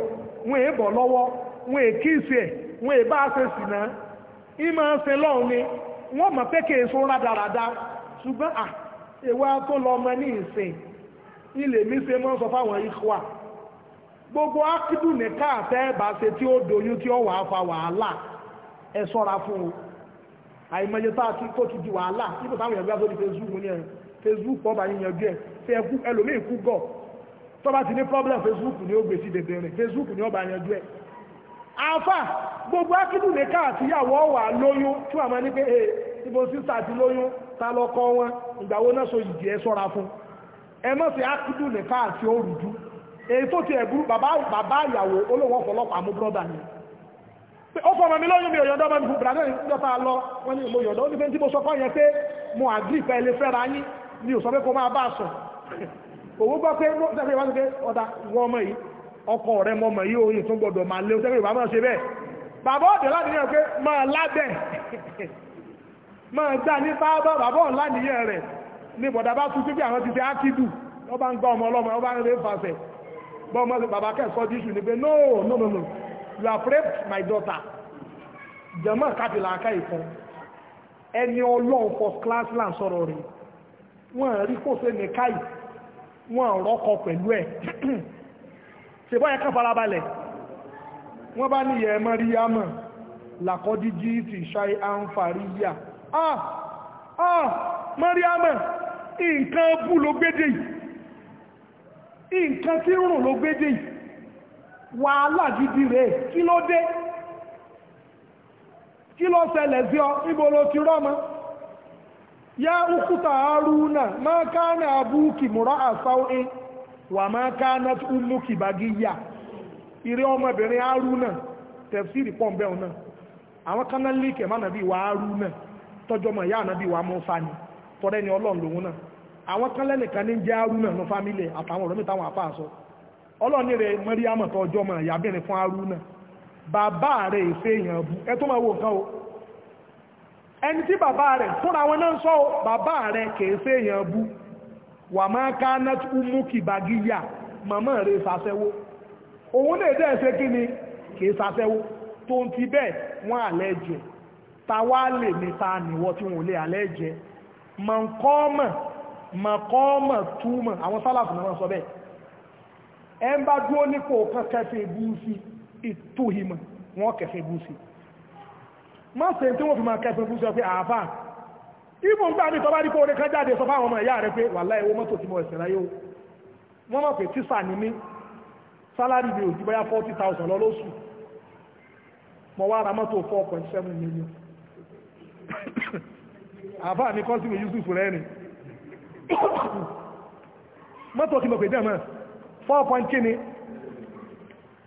wọn èé bọ̀ lọ́wọ́ wọn èé kíìsì ẹ̀ wọn èé bá ṣe sì náà ìmọ̀ ṣe lọ́run ni wọ́n mọ̀ pé kèé sọ rádaràda ṣùgbọ́n à ìwà tó lọ ọmọ ní ìsìn ilé mi ṣe mọ́ sọ fáwọn ikọ̀ à gbogbo akidu nìka àfẹ́ bàṣẹ tí ó doyún tí ó wàá fa wàhálà ẹ sọ́ra fún o àìmọye tá a ti tó ti di wàhálà nígbà táwọn èèyàn gbá sórí facebook ní ẹ facebook pọ̀ bá yín yanjú ẹ̀ tí ẹ kú ẹlòmíì kú gọ̀ tó bá ti ní problem facebook ni ó gbé sí dèdè rẹ̀ facebook ni ó bá yanjú ẹ̀ àfà gbogbo akidu nìka àtìyàwó wà lóyún tí wàá máa ní pé ẹ ibo sísà ti lóyún ta lọkọ wọn ìgbàwó náà so ìdí ẹ sọ́ra fún ẹ mọ̀ sí akidu nìka àti òrùjú èyí tó ti ẹ̀bú bàbá ìyàwó olówó ọ̀fọ̀lọ́pàá mú brọ́dà ni ó fọmọ mi lọ́yún mi ò yọ̀dọ́ mẹ́rin fún brazil níjọba lọ wọ́n ní mo yọ̀dọ́ ó ní pé tí mo sọ yẹn pé mo àgbì ìfẹ́ fẹ́ra yín ni ò sọ pé kó máa bá a sọ òwò gbọ́ pé ó tẹ́lẹ̀ ìwádìí pé ọ̀dà wọ ọmọ yìí ọkọ rẹ mọ ọmọ yìí òyìn tún gbọdọ̀ máa lé ó tẹ́lẹ̀ ìwádìí ṣe bẹ́ẹ̀ bàbá ọ̀dẹ̀ láti ní pé máa lábẹ́ máa gbà ní bàbá rẹ̀ ní bọ́n mọ́ sí bàbá kẹ́sọ́ díṣù ní pé no no no no you have raped my daughter jẹ̀mọ́ kábìlà aká ìfọn ẹni ọlọ́run first class land sọ̀rọ̀ rẹ̀ wọ́n rí kó ṣe nìkáì wọ́n rọ́kọ pẹ̀lú ẹ̀ ṣe bọ́ yẹ ká farabalẹ̀ wọ́n bá ní yẹ̀ẹ́mọ́ rí yámọ̀ làkọ́dí jí ti ṣáì àǹfàríyà ah ah mọ́ríámọ̀ nǹkan bú ló gbédè yìí nǹkan tí rùn ló gbédè yìí wàhálà gidi rèé kí ló dé kí ló ṣẹlẹ̀ sí ọ níbo ló ti rọ́mọ yá ukuta haruna máa ká ní abúkì múra àsáwé wà máa ká ní umuki bagiya ọmọbìnrin haruna tẹ̀síìrì pọ̀nbẹ́ọ̀ náà àwọn kanáà líkẹ̀ mánàbí wa haruna ni àwọn kan lẹ́nìkan ní jẹ́ arúnà ní fámílì àtàwọn ọ̀rọ̀ mìtàwọn àfáà sọ ọlọ́ni rẹ̀ mọ́ríyàmọ̀ tó ọjọ́ mọ̀ ìyàbẹ̀rẹ̀ fún arúnà bàbá rẹ̀ ìfẹ́ èèyàn bú ẹ tó máa wo nǹkan o ẹni tí bàbá rẹ̀ fúnra wọn náà sọ bàbá rẹ̀ kèéfẹ́ èèyàn bú wà máa ká náà mú kì bàgíyà màmá rẹ̀ sàṣẹ́wó òun lè dẹ́ ṣe kí ni kèé sàṣẹ́wó tó ti bẹ́ẹ̀ wọ́n àlẹ́jẹ̀ ta wá lè ní nìwọ tí wọ́n lè àlẹ́jẹ̀ mọ̀ǹkọ́mọ̀ mọ̀kọ́mọ̀ túmọ̀ àwọn sálàfù náà sọ bẹ́ẹ̀ ẹ ń bá dúró nípò kan kẹfẹ́ búùsì ìtòhìmọ̀ wọn kẹfẹ́ búùsì má se tí wọ́n fi máa kẹfẹ́ búùsì ọ̀fẹ́ àáfà ìbùn gbà ní tọ́bá dípò orin kan jáde sọ fáwọn ọmọ ìyá rẹ pé wàláhì owó mọ́tò tí mo ẹ̀sẹ̀ láyé o wọ́n mọ̀ pé tísà ní mí sálárì mi ò ju bóyá forty thousand lọ lóṣù mo wá ra mọ́tò four point seven million àáfà ní kọ́sìmù Yusuf rẹ́rìn mọ́tò kí mo pè dẹ́mọ̀ 4.0 kíni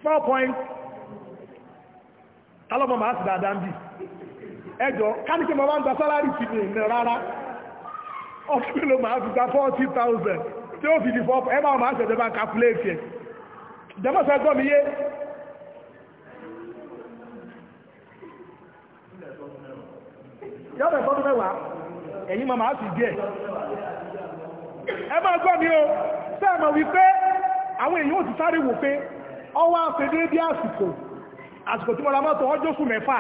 4.0 tálọ́mọ̀ máa sì dáadáa ń bì ẹjọ́ káníkì mọ́ máa gba sálárì ti mi ìrìn rárá ọdún máa fi gba 40,000 tí ó fi di 4 ẹ máa máa ṣẹ̀dẹ̀ bá ń yọ́bẹ̀ mẹ́wàá ẹ̀yìn máa sì díẹ̀ ẹ máa gbọ́ mi o sẹ́ẹ̀mọ̀ wípé àwọn èèyàn ti sáré wò pé ọwọ́ àfẹ́dé bí àsìkò àsìkò tí mo ra mọ́tò ọjọ́ oṣù mẹ́fà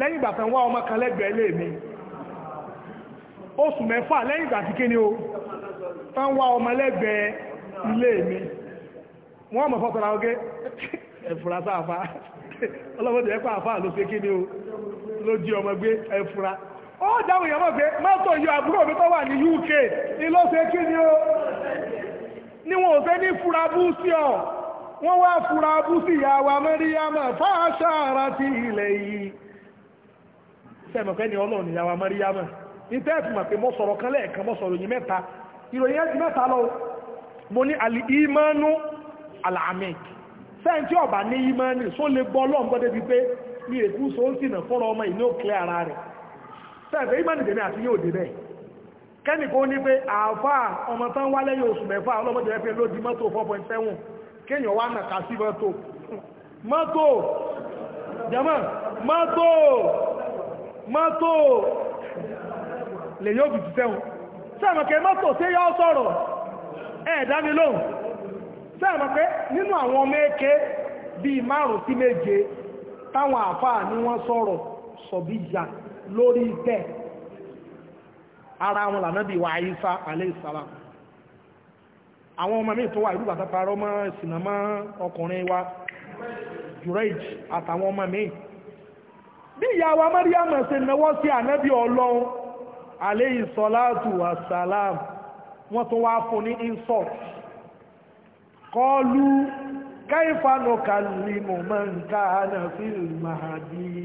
lẹ́yìn ìgbà tán ọmọ kan lẹ́gbẹ̀ẹ́ mi oṣù mẹ́fà lẹ́yìn ìgbà ni o tán ọmọ lẹ́gbẹ̀ẹ́ ilé mi o ó dáwọn èèyàn mọ̀ pé mọ́tò yọ àbúrò mi tó wà ní UK ni ló ṣe kí ni ó ní wọn ò fẹ́ ní ọ wọ́n wá sí ìyá wa fáṣà ara ti ilẹ̀ yìí sẹ́mọ̀kẹ́ ni ọlọ́run ìyá wa mẹ́ríyámà ní tẹ́ẹ̀tì mọ̀ pé pe sọ̀rọ̀ kan lẹ́ẹ̀kan mo sọ̀rọ̀ yìí mẹ́ta ìròyìn ẹ̀jì mẹ́ta lọ mo ní ọ̀bà ní gbọ́ ọlọ́run gbọ́dẹ̀ bíi pé mi èkú ọmọ ara rẹ̀ sẹ́ẹ̀fẹ́ ìmọ̀ nìtẹ̀mí àti yóò dé bẹ́ẹ̀ kẹ́nìkó ní pé àáfà ọmọ tán wá lẹ́yìn oṣù mẹ́fà ọlọ́mọdé pé ló di mọ́tò 4.7 kéèyàn wá nà ká sí mọ́tò mọ́tò jẹ́mọ́ mọ́tò mọ́tò lè yóò fi tẹ́hùn sẹ́ẹ̀mọ̀kẹ́ mọ́tò tí yọ́ sọ̀rọ̀ ẹ̀ẹ̀dánilóhùn sẹ́ẹ̀mọ̀kẹ́ nínú àwọn ọmọ èké bíi márùn-ún sí méje lórí bẹ́ẹ̀ ara wọn lànàbí wa àyíṣà aléìsára àwọn ọmọ mi tó wà ìlú bàtà parọ́ mọ́ sinamá ọkùnrin wa jureji àtàwọn ọmọ mi bí ìyá wa Mariam ṣe náwó sí ànábì ọlọ́run aléìsọ́látù wasalam wọ́n tó wá fún ní insult kọlu káìfànù kàlìmọ̀ mọ́ nǹkan ànàfíìl mahadi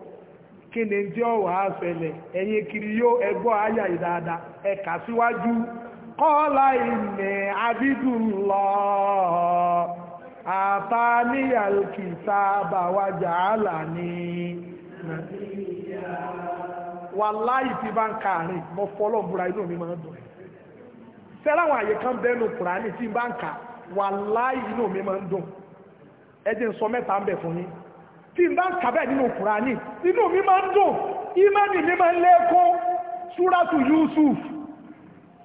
kí ni tí ó wà á kiri yóò ẹgbọ́ ayà ìdáadáa ẹ̀ka síwájú kọ́ọ̀lá ìmẹ̀ abidullah àtàníyàl kìtàbà wa jàálà ní wàláhì tí bá ń kààrin mọ́ fọ́lọ́ búra inú mi máa ń àyè bá ń kà inú mi máa ẹ sọ tí n bá ń kàbẹ̀ nínú kùránì inú mi máa ń dùn ìmánì mi máa ń lékún súrátù Yusuf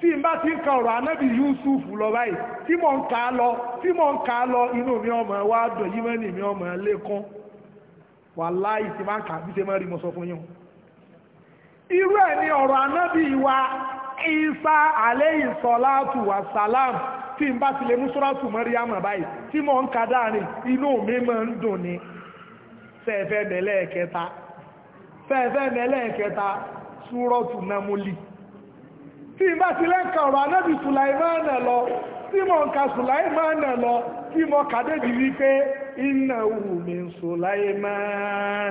tí n bá ti ń ka ọ̀rọ̀ anábì Yusuf lọ báyìí tí mò ń kà á lọ tí mò ń kà á lọ inú mi ọmọ wa dùn ìmánì mi ọmọ lékún wàláì tí máa ń kà bí ṣe máa rí mo sọ fún yín irú ẹ̀ ni ọ̀rọ̀ anábì wa Isa alayhi salatu wa salam tí n bá ti lè mú súrátù Maryam báyìí tí mò ń ka dáa ni inú mi máa ń dùn ni fẹ́ẹ̀fẹ́ mẹ́lẹ́ẹ̀kẹta fẹ́ẹ̀fẹ́ mẹ́lẹ́ẹ̀kẹta súrọ́tù námúlì tí bá ti lẹ́ka ọ̀rọ̀ anábì sùláìmánà lọ tí mo ń ka sùláìmánà lọ tí mo kàdébi wípé iná wùmí sùláìmán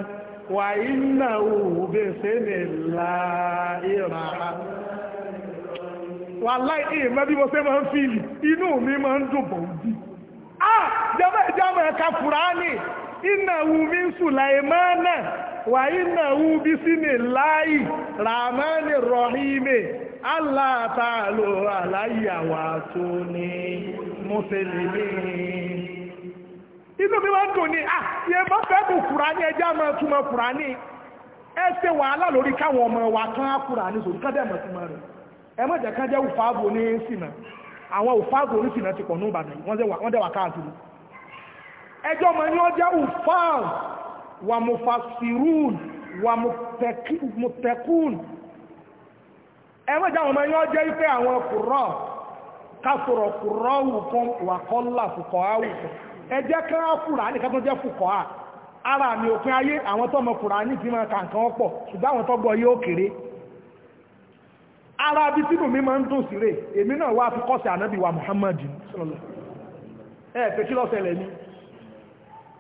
wà iná wùmí sẹ́nìlá ìrà wà láì ìmọ̀ bí ń fìlì inú mi máa ń dùn bọ̀ ah jẹ́mọ̀ ẹ̀ka innahu min sulaimana wa innahu bismillahi rahmanir rahim allah ta'ala alayya wa tuni muslimin inu bi wan tuni ah ye ba fe bu qur'ani e ja ma tu ma qur'ani e se wa ala lori ka won mo wa kan qur'ani so ka de ma tu ma re e ma je kan je ufa bo ni sina awon ufa bo ni sina ti ponu ba ni won se wa ẹjọ́ mọ̀ ní ọjọ́ ufal wà mufasirun wà mutekun ẹgbẹ́jà ọmọ ẹni ọjọ́ ife àwọn kùrọ̀ kásọ̀rọ̀ kùrọ̀ wùkún wà kọ́lá fùkọ̀ á ẹjẹ́ kẹ́rẹ́ ní kẹ́tọ́ jẹ́ fùkọ̀ á ara mi òpin ayé àwọn tọ́mọ fùrà ní ti máa kàǹkan ọ̀pọ̀ ṣùgbọ́n àwọn ara bí mi máa ń dùn sí rè èmi náà wá fi kọ́sẹ̀ ànábì wa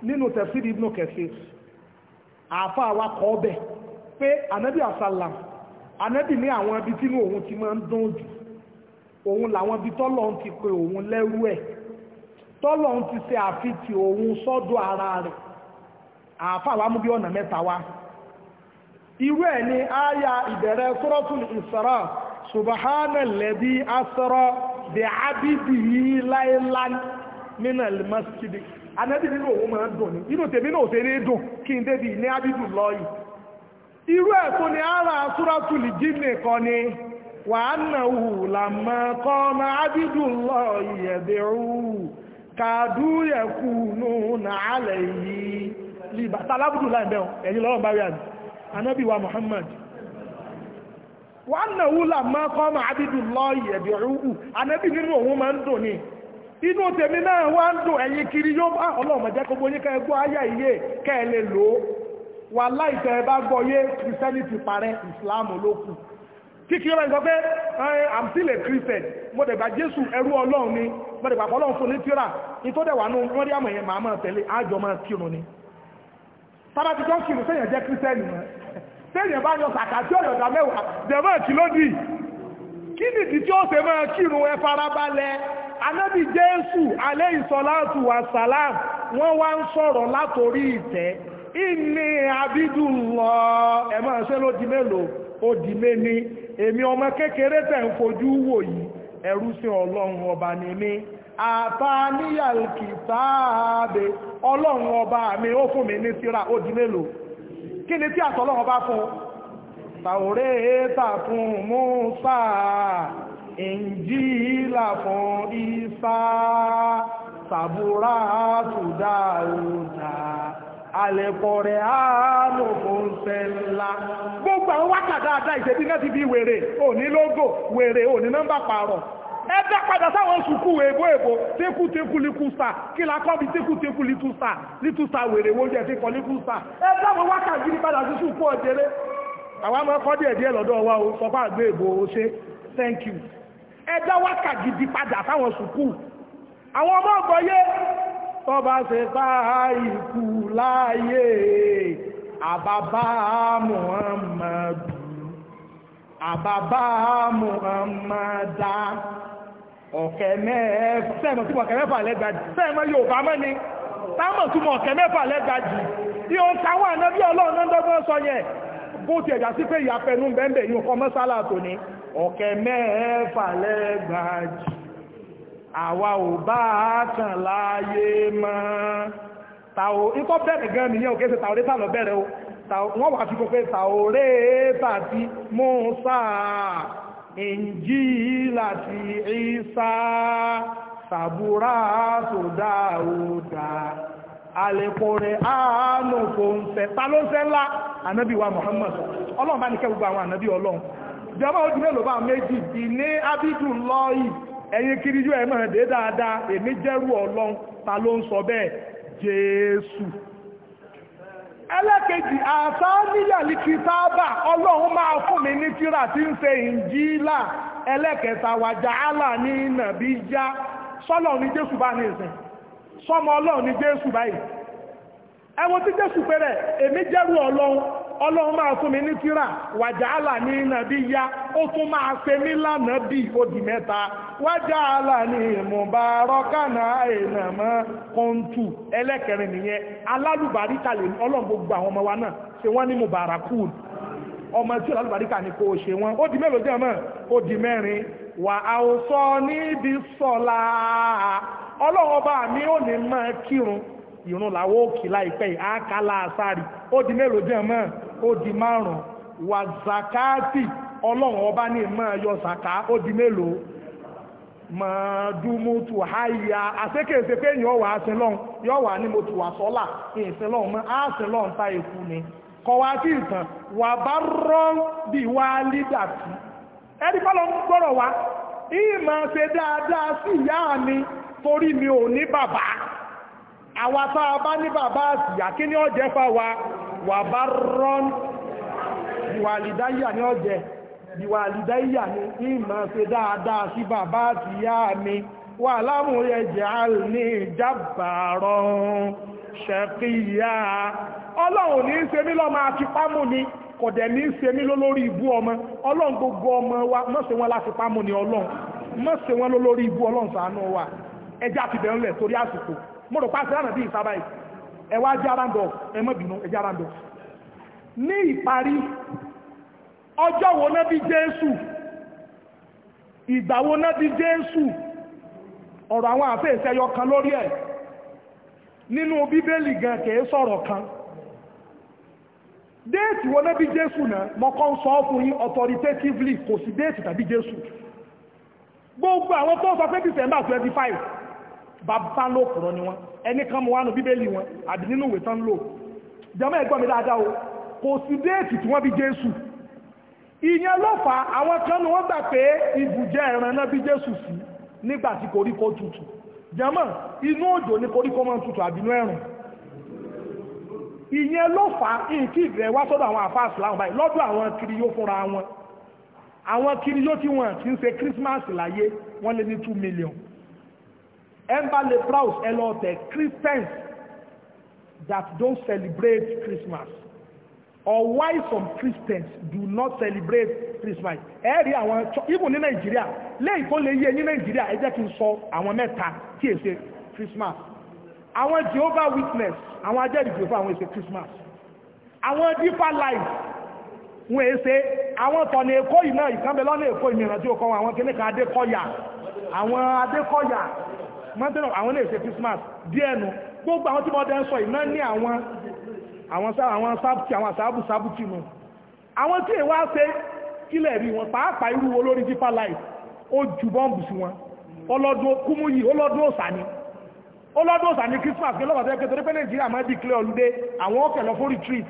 nínú tafsir ibn Kathir àáfàá wa kọ́ ọbẹ̀ pé anabi asalam anabi ní àwọn ibi tínú òun ti máa ń dùn jù òun làwọn ibi tọ́lọ́run ti pe òun lẹ́rú ẹ̀ tọ́lọ́run ti ṣe àfitì òun sọ́dọ̀ ara rẹ̀ àáfàá wa mú bí ọ̀nà mẹ́ta wá irú ẹ̀ ni àyà ìbẹ̀rẹ̀ suratul Isra subahana lẹ́bí asọ́rọ̀ bí abíbí láìláì nínú al anẹ́bí nínú òun máa ń dùn ní inú tèmi náà ṣe ní dùn kí n débi ní ni ara súrátù lè kọ ni wàá nà hù làmọ́ kọ́ ọmọ ábídù lọ́yì ẹ̀dẹ̀rú kàdú yẹ̀kú nù nàálẹ̀ yìí líbà láì wa Muhammad inú tèmi náà wá ń dùn ẹ̀yìn kiri yóò bá ọlọ́mọ jẹ́ gbogbo yín kẹ́ẹ̀gbọ́ ayé ìyé kẹ́ẹ̀ lè lò ó wà láìsẹ̀ bá gbọ́ yé christianity parẹ́ islam ló kù kí kí ọlọ́run sọ pé i'm still a christian mo dẹ̀gbà jésù ẹrú ọlọ́run ni mo dẹ̀gbà fọlọ́run fún ní tíra ní tó dẹ̀wà nù wọ́n rí àmọ̀ yẹn màá máa tẹ̀lé àjọ máa kírun ni tábà ti jọ́ kírun sẹ́yìn jẹ́ christian mọ́ sẹ́yìn bá yọ sàkà tí ọ̀yọ̀ dá mẹ́wàá dẹ̀mọ́ kí ló dì kí nìdí tí ó ṣe máa kírun ẹ farabalẹ̀ anábì jésù alẹ́ ìsọ̀láàtù wàsálàm wọ́n wá ń sọ̀rọ̀ látòrí ìtẹ́ ìní abídùnlọ ẹ̀mọ́ ṣe ló di mélòó ó di méní èmi ọmọ kékeré tẹ̀ ń fojú wò yìí ẹ̀rú sí ọlọ́run ọba ni mí àtàníyàlkìtàbẹ ọlọ́run ọba mi ó fún mi ní síra ó di mélòó kí ni tí àtọ́lọ́run ọba fún tàwórẹ́ tàkùn mú sáà ìjìlá fún ìsá sàbúrà àtúdà òdà alẹ́kọ̀ọ́rẹ́ àánú fún sẹ́lá gbogbo àwọn wákàtà àdá ìṣẹ́bí náà ti bí wèrè òní lógò wèrè òní nọ́mbà pààrọ̀ ẹgbẹ́ padà sáwọn sùkú èbó èbó tékútékú líkúsà kí la kọ́ bí tékútékú líkúsà líkúsà wèrè wọ́n jẹ́ fíkọ líkúsà ẹgbẹ́ àwọn wákàtà yìí padà sí sùkú ọ̀dẹ́rẹ́ àwọn ọmọ ẹkọ́ díẹ̀díẹ̀ lọ́dọ̀ wa ò àgbé èbó ó ṣe thank you ẹ dá wákà gidi padà fáwọn sùkúù àwọn ọmọ ọgbọ̀yé tọ́ba ṣe bá ikú láàyè àbábá muhammadu àbábá muhammada ọ̀kẹ́ mẹ́ẹ̀ẹ́ sẹ́ẹ̀mọ̀ túnmọ̀ ọ̀kẹ́ mẹ́fà lẹ́gbàjì sẹ́ẹ̀mọ̀ Yorùbá mọ́ ni táàmọ̀ túnmọ̀ ọ̀kẹ́ mẹ́fà lẹ́gbàjì bí o ń tàwọn ànábí ọlọ́run náà sọ yẹn bó ti ẹ̀jà sí pé ìyàpẹ̀nu bẹ́ẹ̀ bẹ́ẹ̀ yìí nǹkan mọ́sálà tòní ọ̀kẹ́ mẹ́ẹ̀ẹ́fà lẹ́gbàájì àwa ò bá tàn láyé mọ́ tàò ikọ́ bẹ̀rẹ̀ gan nìyẹn òkè sí tàòrẹ́tà lọ bẹ̀rẹ̀ o wọ́n wà fi kò Ìsá sàbúrà kò ń fẹ́ ta ló ń fẹ́ ọlọ́run bá ní kẹ́ gbogbo àwọn ọlọ́run jọba ojú mélòó bá méjì ìní ábídù lọ́ọ̀yì ẹ̀yin kirijú ẹ̀ máa dé dáadáa èmi jẹ́rú ọlọ́run ta ló ń sọ bẹ́ẹ̀ jésù ẹlẹ́kejì àṣà níyàlí kìtàbà ọlọ́run máa fún mi ní tírà tí ń ṣe ìnjílà ẹlẹ́kẹta wàjà álà ní nàbí já sọ́lọ́run ní jésù bá ní ìsìn sọ́mọ ọlọ́run ní jésù báyìí ẹ̀wọ̀n tí jésù pẹ̀rẹ̀ èmi jẹ́rú ọlọ́run ọlọ́run máa fún mi ní wàjáàlà ní nàbí ya ó tún máa pe mí lánàá bí odì mẹ́ta wàjáàlà ní ìmùbárọ́kànà ìnàmọ́ kọ́ńtù ẹlẹ́kẹrin nìyẹn alálùbáríkà lè ọlọ́run gbogbo àwọn ọmọ wa náà ṣe wọ́n ní mụ ọmọ tí ní kò ṣe ó di di mẹ́rin wà á sọ níbi ọlọ́run mi ò ní kírun làwọn láìpẹ́ yìí á di Odi márùn wà zakati ọlọ́run ọba ní ìmọ̀ yọ zaka odi mélòó mọ̀ọ́dúnmọ́tò háyà àṣekèsè pé yọ̀ wà á sin wà ní mọ́tò àsọ́là ìsìn lọ́hùn mọ́ ta èkú ni kọwa sí ìtàn wà bá bí ẹni ń gbọ́rọ̀ wá ìmọ̀ ṣe dáadáa mi torí mi ò ní bàbá àwa tá a bá ní bàbá kí ni wà bá rọ́n ìwàlìdáyà ní ọ̀jẹ̀ ìwàlìdáyà ní ìmọ̀ ṣe dáadáa sí bàbá àti ìyá mi wà lámúrẹ̀ jẹ́ àlùní ìjábàárọ̀ ṣẹ̀kìyà ọlọ́run ní ṣe mí lọ́mọ akípámú ni kò dẹ̀ ní ṣe mí lólórí ibú ọmọ ọlọ́run gbogbo ọmọ wa má ṣe wọn láti pámú ni ọlọ́run má ṣe wọn lólórí ibú ọlọ́run ṣàánú wa ẹjá ti bẹ̀rẹ̀ torí àsìkò mo rò pàṣẹ ànàbí ìsábàá yìí ẹ wá ní ìparí ọjọ́ wo náà bí Jésù ìgbà wo náà bí Jésù ọ̀rọ̀ àwọn àfẹ́ẹ̀sẹ́ yọ kan lórí ẹ̀ nínú bíbélì gan kìí sọ̀rọ̀ kan déètì wo náà bí Jésù náà mọ́kọ́ ń sọ fún yí authoritatively kò sí déètì tàbí Jésù gbogbo ẹni kan mú wánu bíbélì wọn àbí nínú ìwé tán lò jàmá ẹ̀gbọ́n mi dáadáa o kò sí déètì tí wọ́n bí jésù ìyẹn ló fà àwọn kan ní wọ́n gbà pé ibùjẹ ẹran náà bí jésù sí nígbà tí koríko tutù jàmá inú òjò ní koríko máa ń tutù àbínú ẹ̀rùn ìyẹn ló fà ìkí ìbẹ̀rẹ̀ wá sọ́dọ̀ àwọn àfáàsì láwọn báyìí lọ́dọ̀ àwọn kiri yóò fúnra wọn àwọn kiri yóò tí wọ́n ti ń ṣe kírísímàsì láyé wọ́n lé ní two million ẹnba lè browse ẹ lọ tẹ Christians that don't celebrate Christmas or why some Christians do not celebrate Christmas ẹ rí àwọn even ní Nàìjíríà lẹ́yìn tó lè yé ní Nàìjíríà ẹ jẹ́ kí n sọ àwọn mẹ́ta kí èsè Christmas àwọn Jehovah Witness àwọn ajẹ́rìí Jehovah àwọn èsè Christmas àwọn deeper life wọn èsè àwọn tọ̀nà èkó yìí náà ìkànbẹ̀ lọ́nà èkó ìmìíràn tí ó kọ́ àwọn kìnnìkan adékọ́yà àwọn adékọ́yà mountain of àwọn ilé-ìṣẹ́ Christmas díẹ̀ nu gbogbo àwọn tí mo dẹ́ ń sọ iná ní àwọn àwọn sábùtì àwọn àsábù sábùtì nu àwọn tí èwá ṣe kílẹ̀ rí wọn pàápàá irú olórí deeper life ó ju bọ́ǹbù sí wọn ọlọ́dún kúmúyì ọlọ́dún òsàní ọlọ́dún òsàní Christmas ní lọ́pàá tẹ́kẹ́ torí pé Nàìjíríà máa declare holiday àwọn ọkẹ̀ lọ fún retreat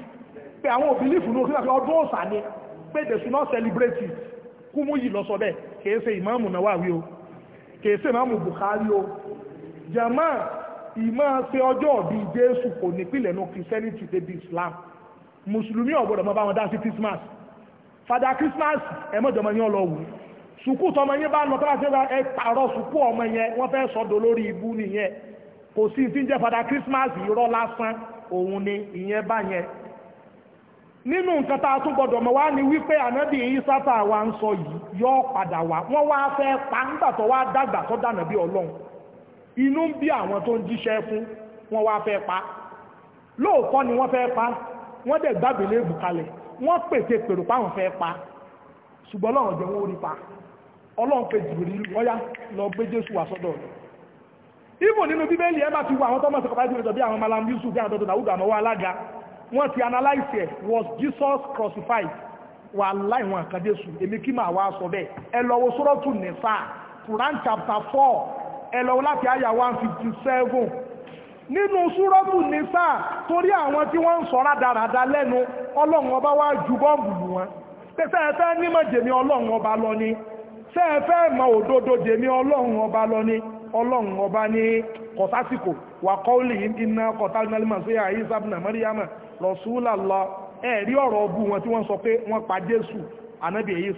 pé àwọn òbílì fún ọdún òsàní pé they should not celebrate it kúmúyì lọ sọ bẹ́ẹ̀ kèése ìmáàmù náwà wí o kèése ìmáàmù Bukhari o jama ìmọ̀ ṣe ọjọ́ bíi jésù kò nípìnlẹ̀ nu christianity débi islam mùsùlùmí ọ̀gbọ́dọ̀ mọ́ bá wọn dá sí christmas fada christmas ẹ mọ́ jọmọ yẹn lọ wù sùkú tọmọ yẹn bá lọ tọ́lá sí ẹ pààrọ̀ sùkú ọmọ yẹn wọ́n fẹ́ sọ́dọ̀ lórí ibú nìyẹn kò sí ti ń jẹ́ fada christmas irọ́ lásán òun ni ìyẹn bá yẹn nínú nǹkan tá a tún gbọdọ̀ mọ̀ wá ní wípé ànábì Ìsá tá wa ń sọ yìí yọ́ padà wá wọ́n wá fẹ́ pàǹgbà tó wá dàgbà tó dànà bí ọlọ́run inú ń bí àwọn tó ń jíṣẹ́ fún wọn wá fẹ́ pa lóòótọ́ ni wọ́n fẹ́ pa wọ́n dẹ̀ gbàgbé léèbù kalẹ̀ wọ́n pète pèrò páwọn fẹ́ pa ṣùgbọ́n wọ́n ti analyze ẹ̀ was jesus crucified wà láìwọ̀n àkàdésù èmi kí sọ bẹ́ẹ̀ ẹ lọ́wọ́ nìfà quran chapter ẹ lọ láti àyà 157 nínú súrọ́tù nìsà torí àwọn tí wọ́n ń sọ rádaràda lẹ́nu ọlọ́run ọba wá ju bọ́ǹbù lù wọn pé sẹ́ẹ̀fẹ́ nímọ̀ jèmi ọlọ́run ọba lọ ni sẹ́ẹ̀fẹ́ mọ òdodo jèmi ọlọ́run ọba lọ ni ọlọ́run ọba ní kọ̀sásìkò wà kọ́ọ̀lì iná kọ̀tà nílùmọ̀ sí àyíṣà bùnà mọ́ríyàmà rọ̀ṣúlà lọ ẹ̀rí ọ̀rọ̀ ọbú wọn tí wọ́n sọ pé wọ́n pa jésù ànábì èyí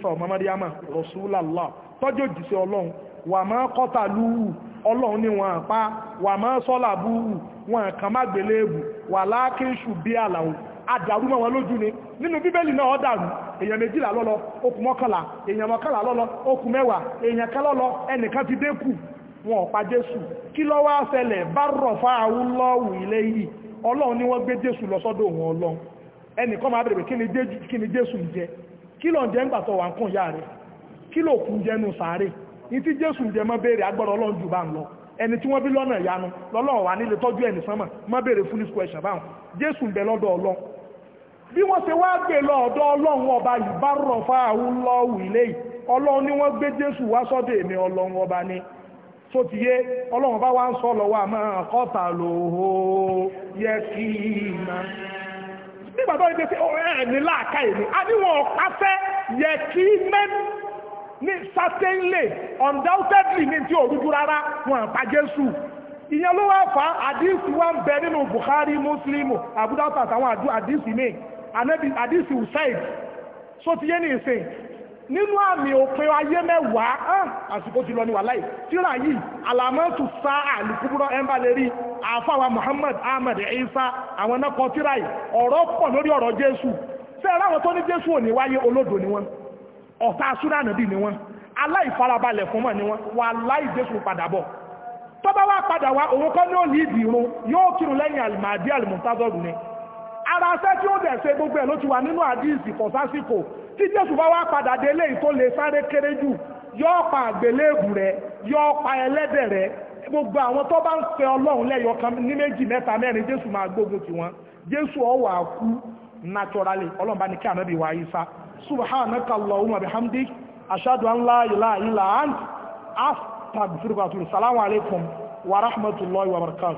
ọlọ́run wà máa kọ́ta lúwù ọlọ́run ni wọ́n pa wà máa sọ́là búwù wọn kàn má gbélé èbù wà láàkíṣù bí àlàó adàrú mọ́ wọn lójú ni nínú bíbélì náà ọ̀dàrú èèyàn méjìlá lọ́lọ́ okùn mọ́kànlá èèyàn mọ́kànlá lọ́lọ́ okùn mẹ́wàá èèyàn kan lọ́lọ́ ẹnìkan ti dẹ́kù wọn ọ̀pá jésù kí ló wá ṣẹlẹ̀ bá rọ̀fà àwúlọ́wù ń jẹ ń jẹ wà ń kàn yá rẹ̀ kí ló kún jẹ́nu sàárè ìtí jésù ń jẹ mọ́ béèrè agbọ́dọ̀ ọlọ́run jù bá ń lọ ẹni tí wọ́n bí lọ́nà ìyanu lọ́lọ́run wà nílé tọ́jú ẹni sánmà mọ́ béèrè foolish question báwọn jésù ń bẹ lọ́dọ̀ ọlọ́run bí wọ́n ṣe wá gbé lọ ọ̀dọ̀ ọlọ́run ọba yìí bá rọ̀ fa àwùlọ́wù ilé yìí ọlọ́run ni wọ́n gbé jésù wá sọ́dọ̀ èmi ọlọ́run ọba ni So ti yé ọlọ́run bá wá ń sọ lọ́wọ́ àmọ́ kọ́ta lòó yẹ kí ìmọ̀ nígbàtọ́ ìdẹ́sẹ̀ ẹ̀ẹ́ni láàká èmi a níwọ̀n pàṣẹ yẹ kí mẹ́rin ní certainly undoubtedly ní tí òrújú rárá wọn àpá jésù ìyẹn ló wá fà àdíìsì wá ń bẹ nínú Bukhari Muslim abúdáwọ̀tà àtàwọn àdíìsì míì àdíìsì usaid so ti yé ní ìsìn nínú àmì òpin ayé mẹ́wàá hàn àsìkò ti lọ ní wàláì tíra yìí alamọ́tù sáà lùkúbúrọ́ ẹ̀mbà lè rí àfáwà Muhammad Ahmed Isa àwọn náà kọ tíra yìí ọ̀rọ̀ pọ̀ lórí ọ̀rọ̀ Jésù sẹ́ẹ̀rẹ́ àwọn tó ní Jésù ò ní wáyé olódò ni wọ́n ọ̀tá súrà nàbí ni wọ́n aláìfarabalẹ̀ fún mọ̀ ni wọ́n wà láìjésù padà bọ̀ tó bá wá padà wá òun kọ́ ní ò ní ìdì irun yóò kírun lẹ́yìn alìmọ̀dí alìmọ̀tázọ́rù ni ara ṣẹ́ tí ó dẹ̀ gbogbo ẹ̀ ló ti wà nínú àdíìsì tí jésù bá wá padà délé ìtó lè sáré gbogbo àwọn tó bá ń ọlọ́run lẹ́yọ kan ní méjì mẹ́ta mẹ́rin jésù máa gbógun jésù subhanaka allahumma bihamdik ashhadu an la ilaha illa ant astaghfiruka wa atubu salamu alaikum wa rahmatullahi wa barakatuh